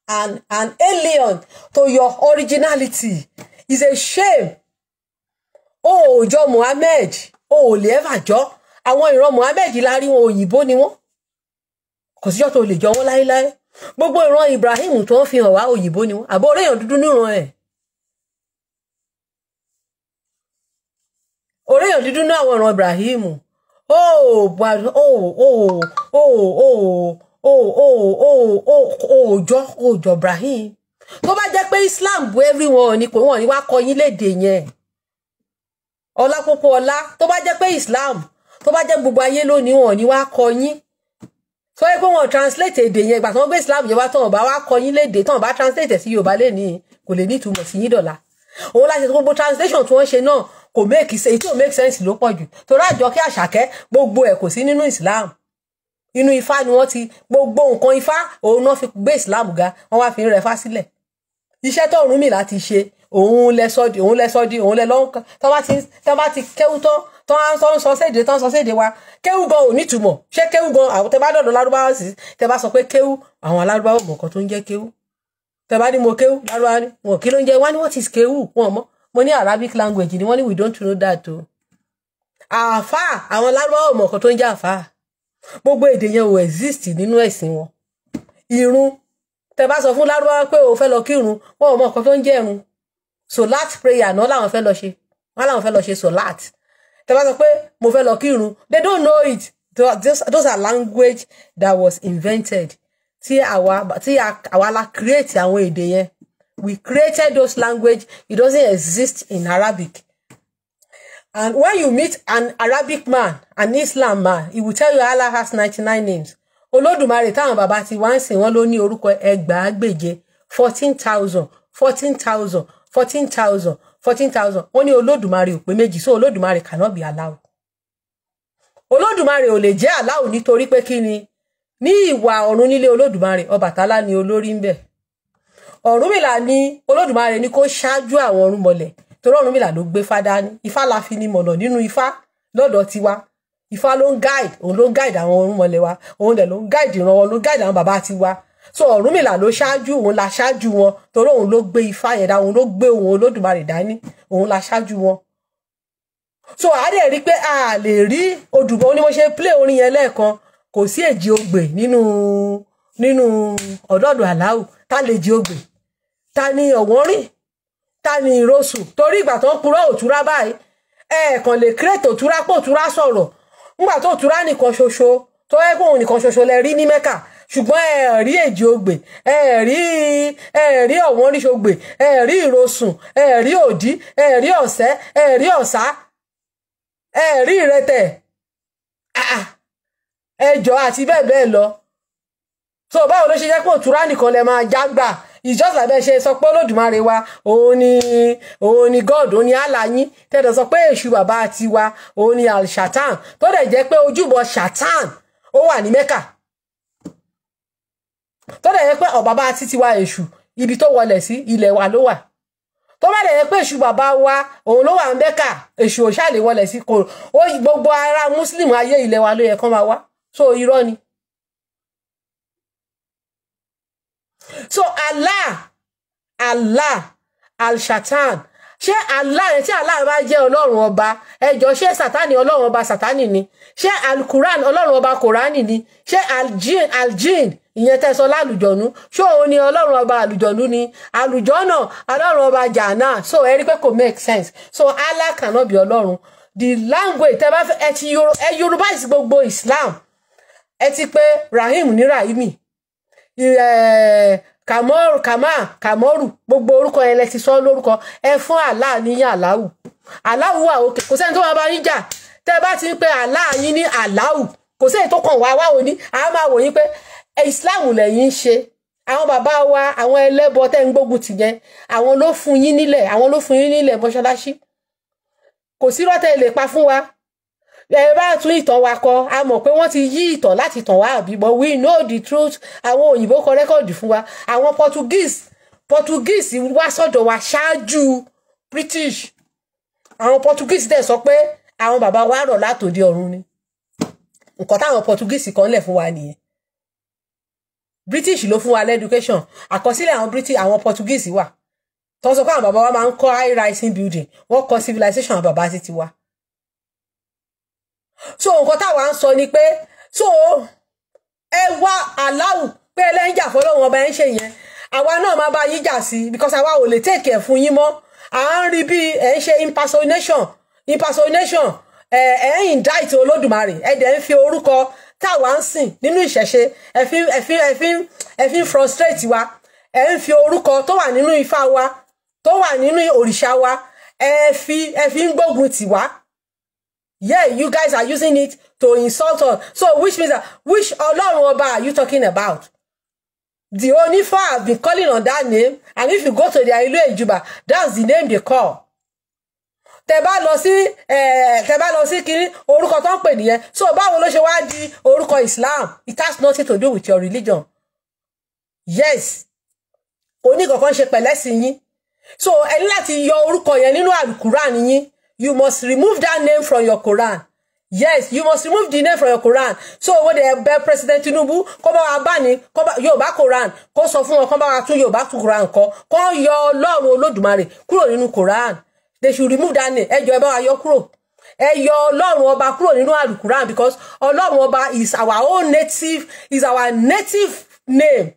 an an alien to your originality is a shame o ò jọ Muhammed o ò lè ever jọ àwọn ìran Muhammed la rí wọn òyìnbó ni wọn kò síjọ́ tó lè jọ wọn láéláé gbogbo ìran Ibrahim tó ń fi hàn wá òyìnbó ni wọn àbọ̀ oréyàn dúdú níran ẹ̀ oréyàn dúdú ní àwọn ìran Ibrahim ó ó ó ó ó ó òòjọ́ òòjọ́ Ibrahim tó bá jẹ́ pé Islam bu everyone ni kò wọ́n ní wá kọ yín léde yẹn ọlá púpọ̀ ọlá tó bá jẹ́ pé Islam tó bá jẹ́ gbogbo ayé lónìí wọ́n ní wá kọ yín So ẹ pé wọ́n translate èdè yẹn ìgbà tí wọ́n gbé Islam yẹn wá tán ọ̀bá wá kọ yín léde tán ọ̀bá translate sí Yorùbá lẹ́ni kò lè ní ìtumọ̀ sí yín dọ̀la òun láti gbogbo translation tí wọ́n ṣe náà kò make sense èyí tí ò make sense ló pọ̀ jù torí àjọ kí àṣàkẹ́ gbogbo ẹ̀ kò sí nínú Islam inú ifá ni wọ́n ti gbogbo nǹkan ifá òun náà fi gbé Islam ga wọ́n wá fi ń rẹfá sílẹ̀ iṣẹ́ tó rún mi láti ṣe òun lẹ sọ́dí òun lẹ sọ́dí òun lẹ lọ́nkàn tó bá ti kéwú tán tán á sọ ń sọ séde tán sọ séde wa kéwú gan ò nítumọ̀ ṣé kéwú gan àwọn tẹ bá dọ̀dọ̀ lárúbáwá sí tẹ bá sọ pé kéwú àwọn alárúbáwá mọ̀ kan tó ń jẹ́ kéwú tẹ bá ní mo kéwú lárúbáwá ni wọn kí ló ń jẹ wá ní what is kéwú wọn mọ̀ mo ní Arabic language ni wọ́n ní we don't know that o àfà àwọn lárúbáwá mọ̀ kan tó ń jẹ́ àfà gbogbo èdè yẹn ò exist nínú ẹ̀sìn wọn irun tẹ bá sọ fún lárúbáwá pé o fẹ́ lọ kírun wọn ò mọ̀ kan tó ń jẹ́ irun solat prayer náà làwọn fẹ́ lọ ṣe wọn làwọn fẹ́ lọ ṣe solat tẹ́ sọ pé mo fẹ́ lọ kírun they don't know it those, those are language that was invented tí àwa tí àwa la create àwọn èdè yẹn we created those language it doesn't exist in Arabic and when you meet an Arabic man an Islam man he will tell you Allah has ninety nine names olódùmarè táwọn bàbá ti wá ń sìn wọn ló ní orúkọ ẹgbàágbèje fourteen thousand fourteen thousand fourteen thousand fourteen thousand ó ní olódùmarè ò méjì so olódùmarè cannot be allowed olódùmarè ò lè jẹ́ allowed nítorí pé kí ni ní ìwà ọ̀run nílé olódùmarè ọbàtálá ni olórí ń bẹ̀ ọ̀rúnmìlà ní olódùmarè ni kó ṣáájú àwọn ọ̀run mọ̀lẹ̀ torí ọ̀rúnmìlà ló gbé fá dání ifá la fi ni mọ̀nà nínú ifá lọ́dọ̀ tiwa ifá ló ń guide òun ló ń guide àwọn ọ̀run mọ̀lẹ̀ wa òun dẹ̀ ló ń guide ìran wọn ló ń guide àwọn bàbá tiwa so Ọ̀rúnmìlà ló ṣáájú òun la ṣáájú wọn toro òun ló gbé ifá yẹn dá òun ló gbé òun olódùmarè dání òun la ṣáájú wọn so a dẹ̀ rí pé a lè rí odùbọ̀ oni mo ṣe play orin yẹn lẹ́ẹ̀kan kò sí èjì ogbè nínú nínú ọ̀dọ́dọ̀ aláwù ta lè jí ogbè ta ni ọ̀wọ́n rìn ta ni ìrosù torí ìgbà tó ń purọ́ òtúrá báyìí ẹ̀ẹ̀kan lè kírètò òtúrá pọ̀ òtúrá sọ̀rọ̀ ńgbà tó òtúrá nìkan ṣoṣo tó yẹ kóun nìkan ṣoṣo lẹ rí ní mẹ́kà ṣùgbọ́n ẹ rí èjì ogbè ẹ rí ẹ rí ọ̀wọ́n oríṣogbè ẹ rí ìrosùn ẹ rí òdí ẹ rí ọ̀sẹ́ ẹ rí ọ̀sá ẹ rí ìrẹtẹ̀ ẹjọ́ àti bẹ́ẹ̀ bẹ́ẹ̀ lọ so báwo ló ṣe jẹ́ pé òtúrá nìkan lè máa já gbà ìjọsà bẹ́ẹ̀ ṣe sọ pé olódùmarè wa òun ni òun ni god òun ni aláyín tẹ̀dọ̀ sọ pé èṣù bàbá tiwa òun ni al-shatan tó dẹ̀ jẹ́ pé ojúbọ shatan ó wà ní mẹ́kà tó dẹ̀ yẹ pé ọ̀ bàbá títí wa èṣù ibi tó wọlẹ̀ sí ilẹ̀ wa ló wà tó bá dẹ̀ yẹ pé èṣù bàbá wa òun ló wà ń bẹ́kà èṣù ò ṣàlè wọlẹ̀ sí kò ó gbogbo ara muslim ayé ilẹ̀ wa ló yẹ kán máa wá so irọ́ ni. so Allah Allah Al-Shatan ṣé aláàrin tí aláàrin bá jẹ́ ọlọ́run ọba ẹjọ́ ṣé sátani ọlọ́run ọba sátani ni ṣé alukuran ọlọ́run ọba kòránì ni ṣé aljin aljin ìyẹn tẹ́ sọ lálùjọ̀nú ṣó o ní ọlọ́run ọba àlùjọ̀nú ni àlùjọ́nà ọlọ́run ọba jàánà so ẹ rí pé kò make sense so Allah cannot be ọlọ́run the language tẹ́ bá fẹ́ ẹ ti ẹ yorùbá ìsì gbogbo islam ẹ ti pé rahim ní rahimi kàmọ́rù kàmá kàmọ́rù gbogbo orúkọ yẹn lẹ ti sọ lórúkọ ẹ fún Allah níyàn aláwù aláwù wà òkè kò sẹ́ni tó máa bá yín jà tẹ́ ẹ bá ti ń pe Allah yín ní aláwù kò sẹ́ni tó kàn wá wá òní a máa wò pé Islam lẹ́yìn ń ṣe àwọn bàbá wa àwọn ẹlẹ́bọ tẹ́ ń gbógun tì yẹn àwọn ló fún yín nílẹ̀ àwọn ló fún yín nílẹ̀ mọ́ṣáláṣí kò sí rọ́tẹ̀ lè pa fún wa ẹ bá tún ìtàn wa kọ a mọ̀ pé wọ́n ti yí ìtàn láti tàn wá àbí but we know the truth àwọn òyìnbó kọ rẹ́kọ̀dì fún wa àwọn Portuguese Portuguese wá sọ́dọ̀ wa ṣáájú British àwọn Portuguese dẹ̀ sọ pé àwọn bàbá wa rọ̀ látòdì ọ̀run ni nǹkan táwọn Portuguese kan lẹ̀ fún wa nìyẹn British ló fún wa lẹ́dúkéṣàn àkọsílẹ̀ àwọn British àwọn Portuguese wà tó sọ pé àwọn bàbá wa máa ń kọ́ high rising building wọ́n kọ́ civilization àwọn bàbá títí wa so nǹkan táwa ń sọ ni pé so ẹ wá aláwù pé ẹlẹ́yìnjà fọlọ́run ọba ẹ̀ ń ṣe yẹn àwa náà máa bá yín jà sí because àwa ò lè take ẹ̀ fún yín mọ́ à ń rí bí ẹ̀ ń ṣe impersonation impersonation ẹ̀ ẹ̀ ń indict olódùmarè ẹ̀ dẹ̀ ń fi orúkọ táwa ń sìn nínú ìṣẹ̀ṣe ẹ̀ fi ẹ̀ fi ẹ̀ fi ẹ̀ fi frustrate wa ẹ̀ ń fi orúkọ tó wà nínú ifá wa tó wà nínú òrìṣà wa ẹ̀ fi ẹ̀ fi ń gbógun tì wá yeah you guys are using it to insult us so which means that which Ọlọ́run ọba are you talking about the only four have been calling on that name and if you go to the Ilu Ejuba that's the name they call Teba bá lọ sí tẹ bá lọ sí eh, kiri orúkọ tó ń so báwo ló ṣe wá Islam it has nothing to do with your religion yes oníkankan ṣe pẹ̀lẹ́sìn yín so ẹni láti yọ orúkọ yẹn nínú àlùkùránì you must remove that name from your Quran yes you must remove the name from your Quran so when de bẹ president Tinubu come out wa come ní kó bá Quran come sọ fún come kó bá your back to tún Quran kọ kó Lord, Ọlọ́run Olódùmarè kúrò nínú Quran they should remove that name Hey, jọ̀ọ́ ẹ bá wa yọ kúrò ẹ yọ ọlọ́run ọba kúrò nínú alukuran because ọlọ́run is our own native is our native name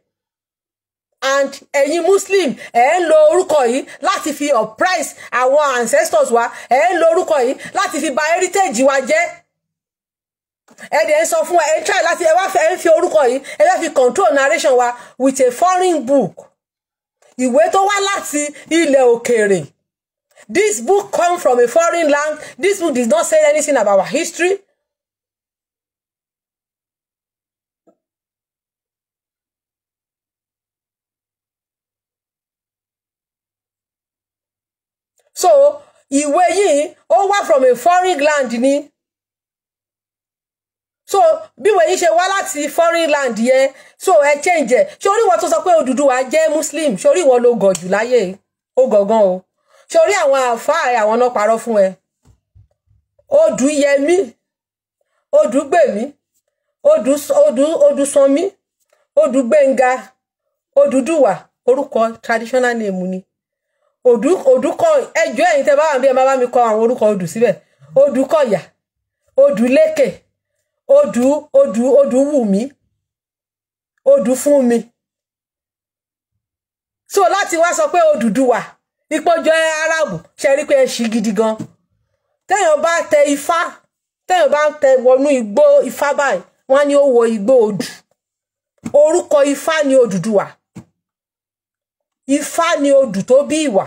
and ẹ̀yin muslim ẹ̀ ń lo orúkọ yìí láti fi oppress àwọn ancestors wa ẹ̀ ń lo orúkọ yìí láti fi bà heritage wa jẹ́ ẹ dẹ̀ ń sọ fún wa ẹ ń try láti ẹ wá fẹ́ ń fi orúkọ yìí ẹ fẹ́ fi control narration wa with a foreign book ìwé tó wá láti ilẹ̀ òkèèrè this book come from a foreign land this book does not say anything about our history so ìwé yìí ó wá from a foreign land ni so bí ìwé yìí ṣe wá láti foreign land yẹn so ẹ change ẹ ṣorí ìwọ tó sọ pé Odùduwà jẹ́ muslim ṣorí ìwọ ló gọ̀ jù láyé ó gọ̀gán o ṣorí àwọn àfáà àwọn náà parọ́ fún ẹ odù yẹmí odù gbèmí odù odù odù sanmí odù gbẹ̀ngà Odùduwà orúkọ traditional name ni òdú òdúkọ ẹjọ́ ẹ̀yin tẹ́ bá wà bí ẹ máa bá mi kọ àwọn orúkọ odù síbẹ̀ odùkọ̀yà odùlékè odù odù odù wù so láti wá sọ pé Odùduwà ìpọ́jọ Arab ṣe rí pé ẹ ṣì gidi gan téèyàn bá tẹ ifá téèyàn bá tẹ wọnú igbó ifá báyìí wọ́n ní ó wọ igbó odù orúkọ ifá ni Odùduwà ifá ni odù tó bí ìwà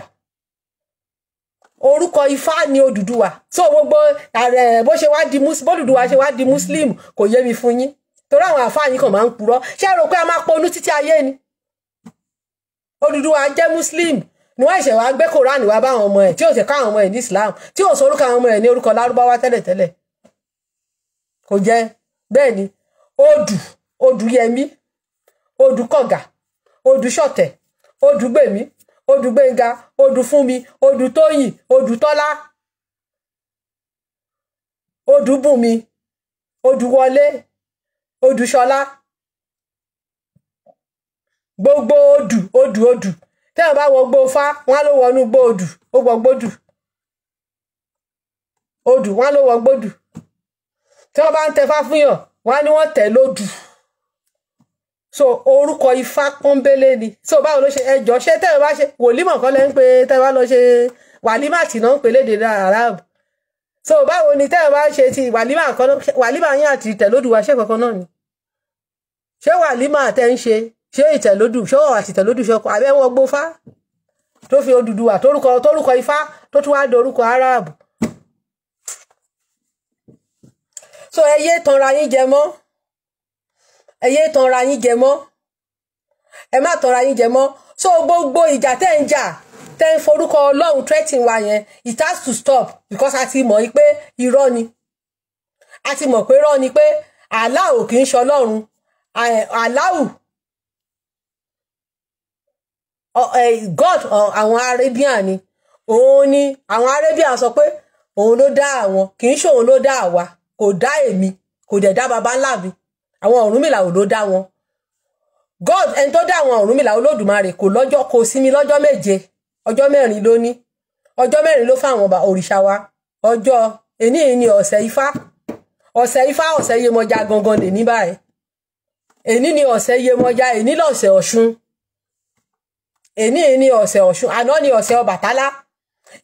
orúkọ ifá ni Odùduwà so gbogbo ààrẹ bó ṣe wá di bódùdùwà ṣe wá di muslim kò yé mi fún yín torí àwọn àfáàyín kan máa ń purọ́ ṣé ẹ rò pé a máa ponú títí ayé ni Odùduwà jẹ́ muslim ni wọ́n ṣẹ̀wá gbé koran wá báwọn ọmọ tí ṣe káwọn ọmọ ní islam tí ò sọ orúkọ àwọn ọmọ ní orúkọ lárúbáwá ni odù odù yẹmí odù odù gbẹ̀ngà odù fúnmi odù tóyìn odù tọ́lá odù bùnmi odù wọlé odù ṣọlá gbogbo odù odù odù tẹ́wọ̀n bá wọ gbó fá wọn ló wọnú gbó odù ó wọ gbódù odù wọn ló wọ gbódù tí wọ́n bá ń tẹfá fún wọn ni wọ́n tẹ̀ lódù so orúkọ ifá pọ́nbélé ni so báwo ló ṣe ẹjọ́ ṣé tẹ́ ẹ bá ṣe wòlímọ̀ kan lẹ́ ń pe tẹ́ ẹ bá lọ ṣe wàlímà tì náà ń pè léde arab so báwo ni tẹ́ ẹ bá ṣe ti wàlímà kan wàlímà yín àti ìtẹ̀lódùwà ṣe kankan náà ni ṣé wàlímà tẹ́ ń ṣe ṣé ìtẹ̀lódù ṣé ọ̀rọ̀ àti ìtẹ̀lódù ṣọkọ abẹ́wọ̀n gbófá tó fi Odùduwà tórúkọ tórúkọ ifá tó tún wáá dorúkọ arab so ẹ yé tanra yín jẹ mọ́ ẹ yé tanra yín jẹ mọ́ ẹ má tanra yín jẹ mọ́ so gbogbo ìjà tẹ́ ń jà tẹ́ ń forúkọ ọlọ́run threatening wa yẹn it has to stop because a ti mọ̀ pé irọ́ ni a ti mọ̀ pé irọ́ ni pé aláwò kì í ṣọlọ́run aláwò god àwọn arabian ni òun ni àwọn arabian sọ pé òun ló dá àwọn kì í ṣe òun ló dá àwa kò dá èmi kò dẹ̀ dá baba mi àwọn Ọ̀rúnmìlà ò ló dá wọn God ẹni tó dá àwọn Ọ̀rúnmìlà Olódùmarè kò lọ́jọ́ kò sinmi lọ́jọ́ méje ọjọ́ mẹ́rin ló ní ọjọ́ mẹ́rin ló fáwọn ọba òrìṣà wa ọjọ́ èní ni ọ̀sẹ̀ ifá ọ̀sẹ̀ ifá ọ̀sẹ̀ Yemọja gangan lè ní báyìí èní ni ọ̀sẹ̀ Yemọja èní lọ̀sẹ̀ Ọ̀ṣun èní ni ọ̀sẹ̀ Ọ̀ṣun àná ni ọ̀sẹ̀ Ọbàtálá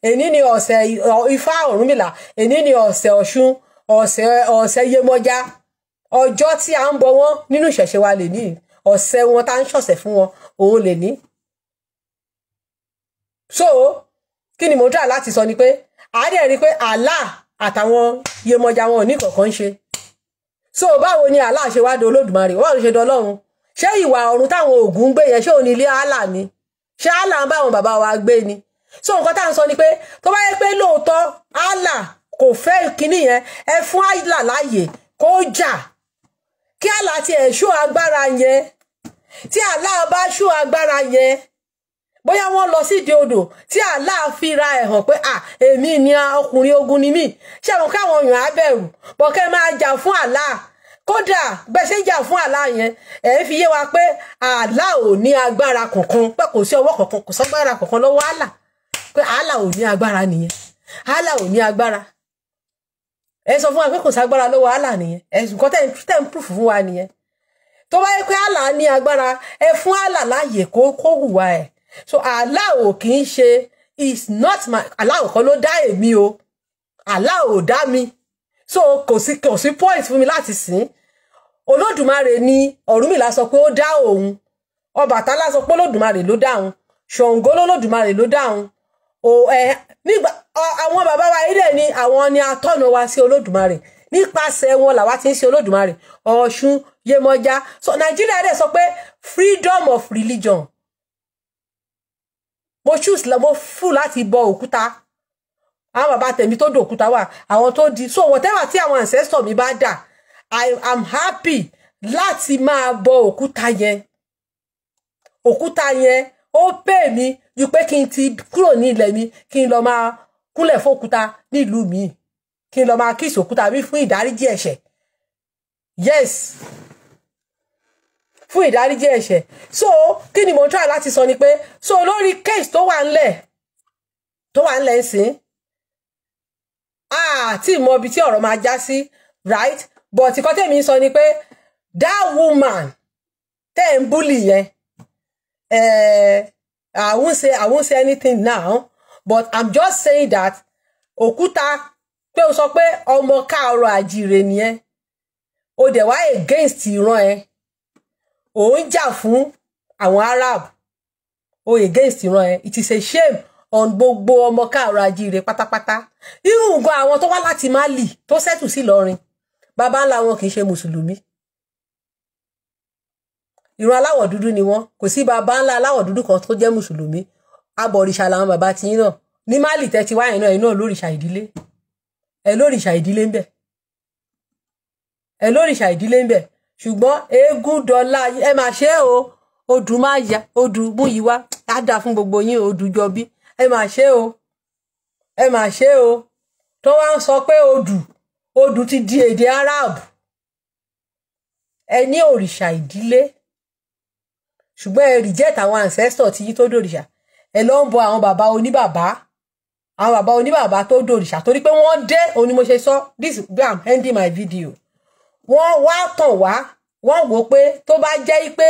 èní ni ọ̀sẹ̀ ifá Ọ̀rúnmìlà èní ni ọ̀sẹ̀ Ọ̀ṣun ọ̀sẹ̀ ọ̀sẹ̀ Yemọja ọjọ́ tí a ń bọ wọ́n nínú ìṣẹ̀ṣẹ̀ wa lè ní ọ̀sẹ̀ wọn tá ń ṣọ̀sẹ̀ fún wọn òun lè ní. so kí ni mo dá láti sọ ni pé àádẹ́ rí i pé Allah àtàwọn Yemọja wọn ò ní kankan ṣe so báwo ni Allah ṣe wá di Olódùmarè báwo ló ṣe di Ọlọ́run ṣé ìwà ọ̀run táwọn Ògún ń gbé yẹn ṣé òun ilé Allah ni ṣé Allah ń bá àwọn bàbá wa gbé ni so nǹkan tá à ń sọ ni pé tó bá yẹ pé lóòótọ́ Allah kò fẹ́ kinní yẹn ẹ fún Allah láàyè kó jà kí àlá ti ẹ̀ ṣó agbára yẹn tí àlá bá ṣó agbára yẹn bóyá wọ́n lọ sídìí odò tí àlá fi ra ẹ̀ hàn pé à èmi ni ọkùnrin ogun ni mí ṣé àwọn káwọn èèyàn á bẹ̀rù bọ̀kẹ́ máa jà fún àlá kódà bẹ́ẹ̀ ṣe ń jà fún àlá yẹn ẹ̀ fi yé wa pé àlá ò ní agbára kankan pé kò sí ọwọ́ kankan kò sọ́gbára kankan lọ́wọ́ àlá pé àlá ò ní agbára nìyẹn àlá ò ní agbára ẹ sọ fún wa pé kò ságbára lọ́wọ́ Allah nìyẹn ẹ̀sùn kan tẹ̀ ń proof fún wa nìyẹn tó bá yẹ pé Allah ní agbára ẹ fún Allah láàyè kó kó hùwà ẹ̀ so Allah ò kì í ṣe is not my Allah kan ló dá èmi o Allah ò dá mi so kò sí kò sí point fún mi láti sìn Olódùmarè ni Ọ̀rúnmìlà sọ pé ó dá òun Ọbàtálá sọ pé Olódùmarè ló dá òun Ṣàngó lÓlódùmarè ló dá òun Eh, nígbà àwọn bàbá wa yìí dẹ̀ ni àwọn ni atọ́nà wa sí olódùmarè nípasẹ̀ wọn làwa ti ń ṣe olódùmarè ọ̀ṣun yemọja so nàìjíríà dẹ̀ sọ pé freedom of religion mo choose la mo fún láti bọ òkúta àwọn bàbá tèmi tó dò òkúta wà àwọn tó di so whatever tí àwọn ancestor mi bá dà i am happy láti máa bọ òkúta yẹn òkúta yẹn ó pè mí ju pé kí n ti kúrò ní ilẹ̀ mi kí n lọ máa kúnlẹ̀ fókúta nílùú mi kí n lọ máa kíṣ òkúta mi fún ìdáríjì ẹ̀ṣẹ̀ yes fún ìdáríjì ẹ̀ṣẹ̀ so kí ni mo ń try láti sọ ni pé so lórí case tó wà ńlẹ̀ tó wà ńlẹ̀ ń sìn àti ìmọ̀ ibi tí ọ̀rọ̀ máa já sí right but ìkọ́ tẹ̀mí sọ ni pé that woman tẹ̀ ń búlì yẹn eh, I won't say I won't say anything now, but I'm just saying that Okuta, pé o sọ pé ọmọ káàárọ̀ àjíire nìyẹn o dẹ̀ wá against ìran eh? ò ń jà fún àwọn Arab o against ìran eh? it is a shame on gbogbo ọmọ káàárọ̀ àjíire pátápátá irú nǹkan àwọn tó wá láti Mali tó ṣẹ́tù sí Ìlọrin baba ńlá wọn kì í ṣe ìran aláwọ̀ dúdú ni wọ́n kò sí bàbá ńlá aláwọ̀ dúdú kan tó jẹ́ mùsùlùmí abọ̀rìṣà làwọn bàbá tiyín náà ní Málì tẹ́tí wáyé náà ẹ̀ náà lórìṣà ìdílé ẹ̀ lórìṣà ìdílé ń bẹ̀ ẹ̀ lórìṣà ìdílé ń bẹ̀ ṣùgbọ́n eégún dọ́là ẹ máa ṣe o odù máa ya odù mú yìí wá á dà fún gbogbo yín odù jọ bí ẹ máa ṣe o ẹ máa ṣe o tó wá ń sọ pé odù odù ti di èdè Arab ẹ ní òrìṣà ìdílé ṣùgbọ́n ẹ reject àwọn ancestor tí yín tó dòrìṣà ẹ lọ ń bọ àwọn bàbá oníbàbá àwọn bàbá oníbàbá tó dòrìṣà torí pé wọ́n dé òun mo ṣe sọ this bam ending my video wọ́n wá tàn wá wọ́n wò pé tó bá jẹ́ pé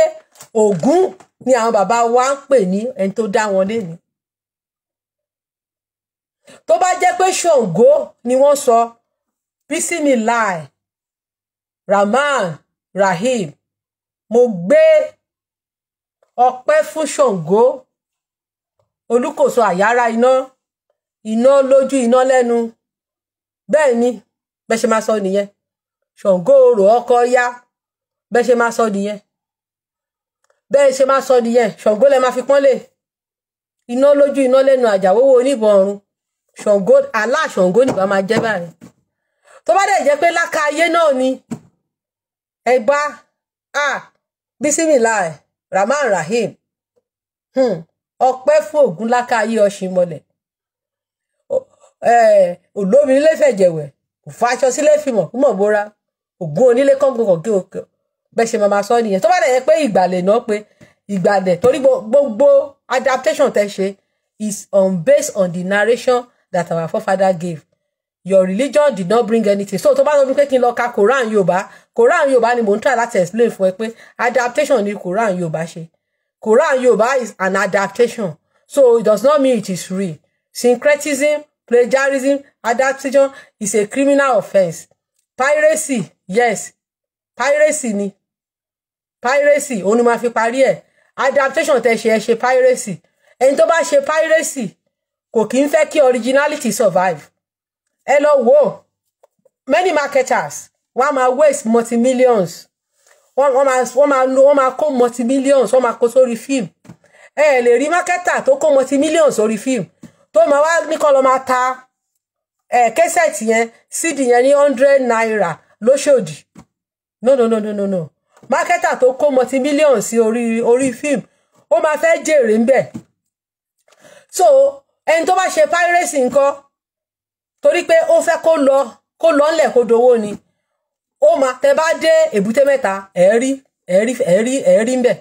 Ògún ni àwọn bàbá wa ń pè ní ẹni tó dá wọn léni tó bá jẹ́ pé Ṣàngó ni wọ́n sọ bisimilai Rahman Rahim mo gbé ọpẹ́ fún ṣòǹgó olùkóso àyára iná iná lójú iná lẹ́nu bẹ́ẹ̀ ni bẹ́ẹ̀ ṣe máa sọ nìyẹn ṣòǹgó orò ọkọ ya bẹ́ẹ̀ ṣe máa sọ nìyẹn bẹ́ẹ̀ ṣe máa sọ nìyẹn ṣòǹgó lẹ máa fi pọ́nlé iná lójú iná lẹ́nu àjàwówó oníbọn ọ̀run ṣòǹgó aláṣòǹgó nìkan máa jẹ́ báyìí tó bá dẹ̀ jẹ́ pé láka ayé náà ni ẹ a bísí mi láàyè rahman rahim hmm. ọpẹ́ fún ògúnláka ayé ọ̀sìn mọ́lẹ̀ olómi nílé fẹ̀jẹ̀wẹ̀ kò fàṣọ sílé fìmọ̀ kú mọ̀ bóra ògún onílé kọ́ńgò kọ̀ọ̀kí òkè bẹ́ẹ̀ ṣe máa sọ nìyẹn tó bá dẹ̀ yẹ pé ìgbàlẹ̀ náà pé ìgbàlẹ̀ torí gbogbo adaptation tẹ́ ṣe is on based on the narration that our forefather gave your religion did not bring anything so tó bá lọ bí pé kí n lọ ka Quran Yorùbá Quran Yorùbá ni mò ń try láti explain fún ẹ pé adaptation ni Quran Yorùbá ṣe Quran Yorùbá is an adaptation so it does not mean it is real syncretism plagiarism adaptation is a criminal offence piracy yes piracy ni piracy òun ni màá fi parí ẹ adaptation tẹ ṣe ẹ ṣe piracy ẹni tó bá ṣe piracy kò kí ń fẹ́ kí originality survive ẹ lọ wò many marketers wọ́n máa waste multi millions wọ́n máa wọ́n máa lo wọ́n máa kó multi millions wọ́n máa kó sórí fíìm ẹ lè rí marketer tó kó multi millions sórí fíìm tó máa wá nìkan lọ máa ta ẹ kẹsẹ̀tì yẹn sídì yẹn ní hundred naira lóṣòdì no no no no no no marketer tó kó multi millions sí orí orí fíìm ó máa fẹ́ jèrè ńbẹ̀ so ẹni tó bá ṣe piracy nǹkan torí pé ó fẹ́ kó lọ kó lọ ńlẹ̀ kó dowó ni ó máa tẹ bá dé èbúté mẹ́ta ẹ̀ rí ẹ̀ rí ẹ̀ rí ẹ̀ rí ń bẹ̀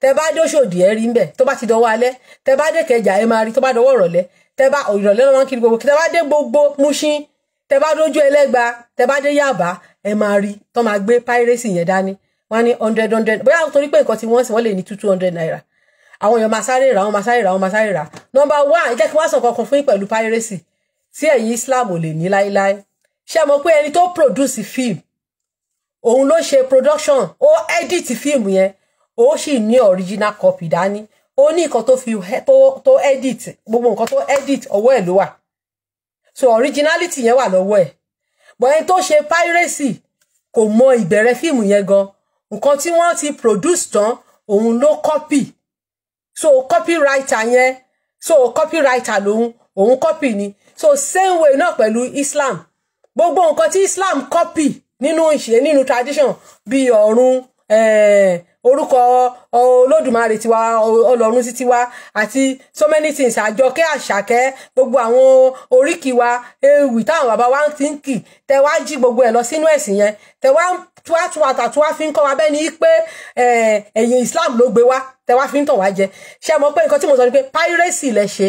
tẹ bá dé Òṣòdì ẹ̀ rí ń bẹ̀ tó bá ti dọwọ́ alẹ́ tẹ bá dé Ìkẹjà ẹ̀ máa rí tó bá dọwọ́ ìrọ̀lẹ́ tẹ bá ìrọ̀lẹ́ lọ́wọ́ kiri gbogbo tẹ bá dé gbogbo Mùṣín tẹ bá dójú Ẹlẹ́gbà tẹ bá dé Yàbá ẹ̀ máa rí tó máa gbé pírẹ́sì yẹn dání wọ́n ní hundred hundred bóyá torí pé nǹkan tí wọ́n sì wọ́n lè ní two hundred naira àwọn èèyàn máa sáré rà wọ́n máa sáré rà wọ́n máa sáré rà nọ́mbà one ẹ jẹ́ kí wọ́n sọ kankan fún yín pẹ̀lú pírẹ́sì tí ẹ̀yin Islam ò lè ní láíláí ṣé mọ̀ pé ẹni tó produce film òun ló ṣe production ó edit film yẹn ó sì ní original copy dání ó ní nǹkan tó fi tó edit gbogbo nǹkan tó edit ọwọ́ ẹ̀ ló wà so originality yẹn wà lọ́wọ́ ẹ̀ bọ̀ ẹni tó ṣe piracy kò mọ ìbẹ̀rẹ̀ fíìmù yẹn gan nǹkan tí wọ́n ti produce tán òun ló copy so copywriter yẹn so copywriter lòun òun copy ni so same way náà pẹ̀lú Islam gbogbo nǹkan tí Islam kọ́pì nínú ìṣe nínú tradition bíi ọ̀run eh, orúkọ olódùmarè tiwa ọlọ́run sí tiwa àti so many things àjọkẹ́ àṣàkẹ́ gbogbo àwọn oríkì wa ewì táwọn bàbá wa ti ń kì tẹ wá jí gbogbo ẹ̀ lọ sínú ẹ̀sìn yẹn tẹ wá tí wàá tún àtàtú wá fi ń kọ́ wa bẹ́ẹ̀ ni pé eh, ẹ̀yìn Islam ló gbé wa tẹ wá fi ń tàn wá jẹ ṣé ẹ mọ̀ pé nǹkan tí mo sọ ni pé piracy lẹ ṣe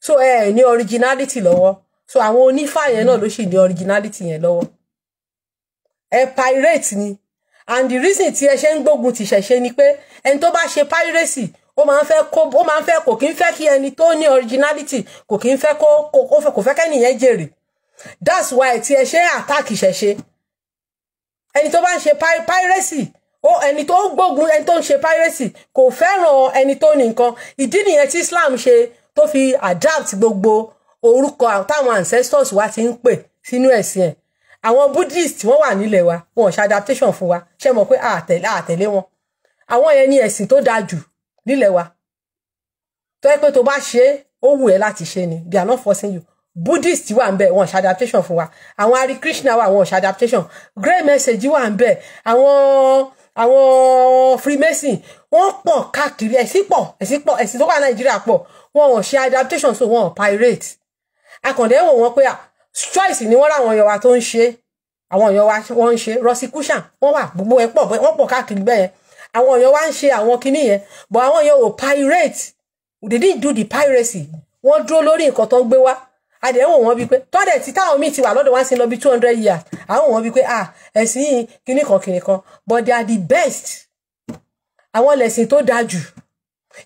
so ẹ eh, ní originality lọ́wọ́ so àwọn onífá yẹn náà ló sì ní originality yẹn lọ́wọ́ ẹ pirate ni and the reason tí ẹ ṣe ń gbógun ti ṣẹ̀ṣe ni pé ẹni tó bá ṣe piracy ó máa ń fẹ́ kó ó máa ń fẹ́ kò kí ń fẹ́ kí ẹni tó ní originality kò kí ń fẹ́ kó kò fẹ́ kẹ́nìyẹn jèrè that's why tí ẹ ṣe attack ṣẹ̀ṣe ẹni tó bá ń ṣe piracy ó ẹni tó ń gbógun ẹni tó ń ṣe piracy kò fẹ́ràn ẹni tó ní nǹkan ìdí nìyẹn tí Islam ṣe tó fi adapt gbogbo orúkọ táwọn ancestors wa ti ń pè sínú ẹ̀sìn ẹ̀ àwọn buddhist wọ́n wà nílẹ̀ wa wọn ṣe adaptation fún wa ṣe mọ̀ pé àtẹ̀lé àtẹ̀lé wọn àwọn yẹn ní ẹ̀sìn tó dáa jù nílẹ̀ wa tó yẹ pé tó bá ṣe ó wù ẹ́ láti ṣe ni they are not forcing you buddhist wà ń bẹ wọn ṣe adaptation fún wa àwọn hari krishna wà wọn ṣe adaptation grey message wà ń bẹ àwọn àwọn freemason wọ́n pọ̀ káàkiri ẹ̀sìn pọ̀ ẹ̀sìn pọ̀ ẹ̀sìn tó wà nàìjíríà pọ̀ wọn ò ṣe adaptation so wọn ò pirate akàndé wò wọn pé ah, choice ni wọn láwọn èèyàn wa tó ń ṣe àwọn èèyàn wa wọn ń ṣe rosicrucian wọn wà gbogbo ẹ pọ̀ wọn pọ̀ káàkiri bẹ́ẹ̀ yẹn àwọn èèyàn wa ń ṣe àwọn kinní yẹn but àwọn èèyàn ò pirate they didn't do the piracy wọn dúró lórí nǹkan tó ń gbé wá àdéhùn wọn bíi pé tọ́dẹ̀ tí táwọn míì ti wà lọ́dọ̀ wá sí lọ bíi two hundred years àwọn wọn bíi pé ah ẹ̀sìn yìí kinní kan kinní kan but they are the best àwọn lẹ̀sìn tó dáa jù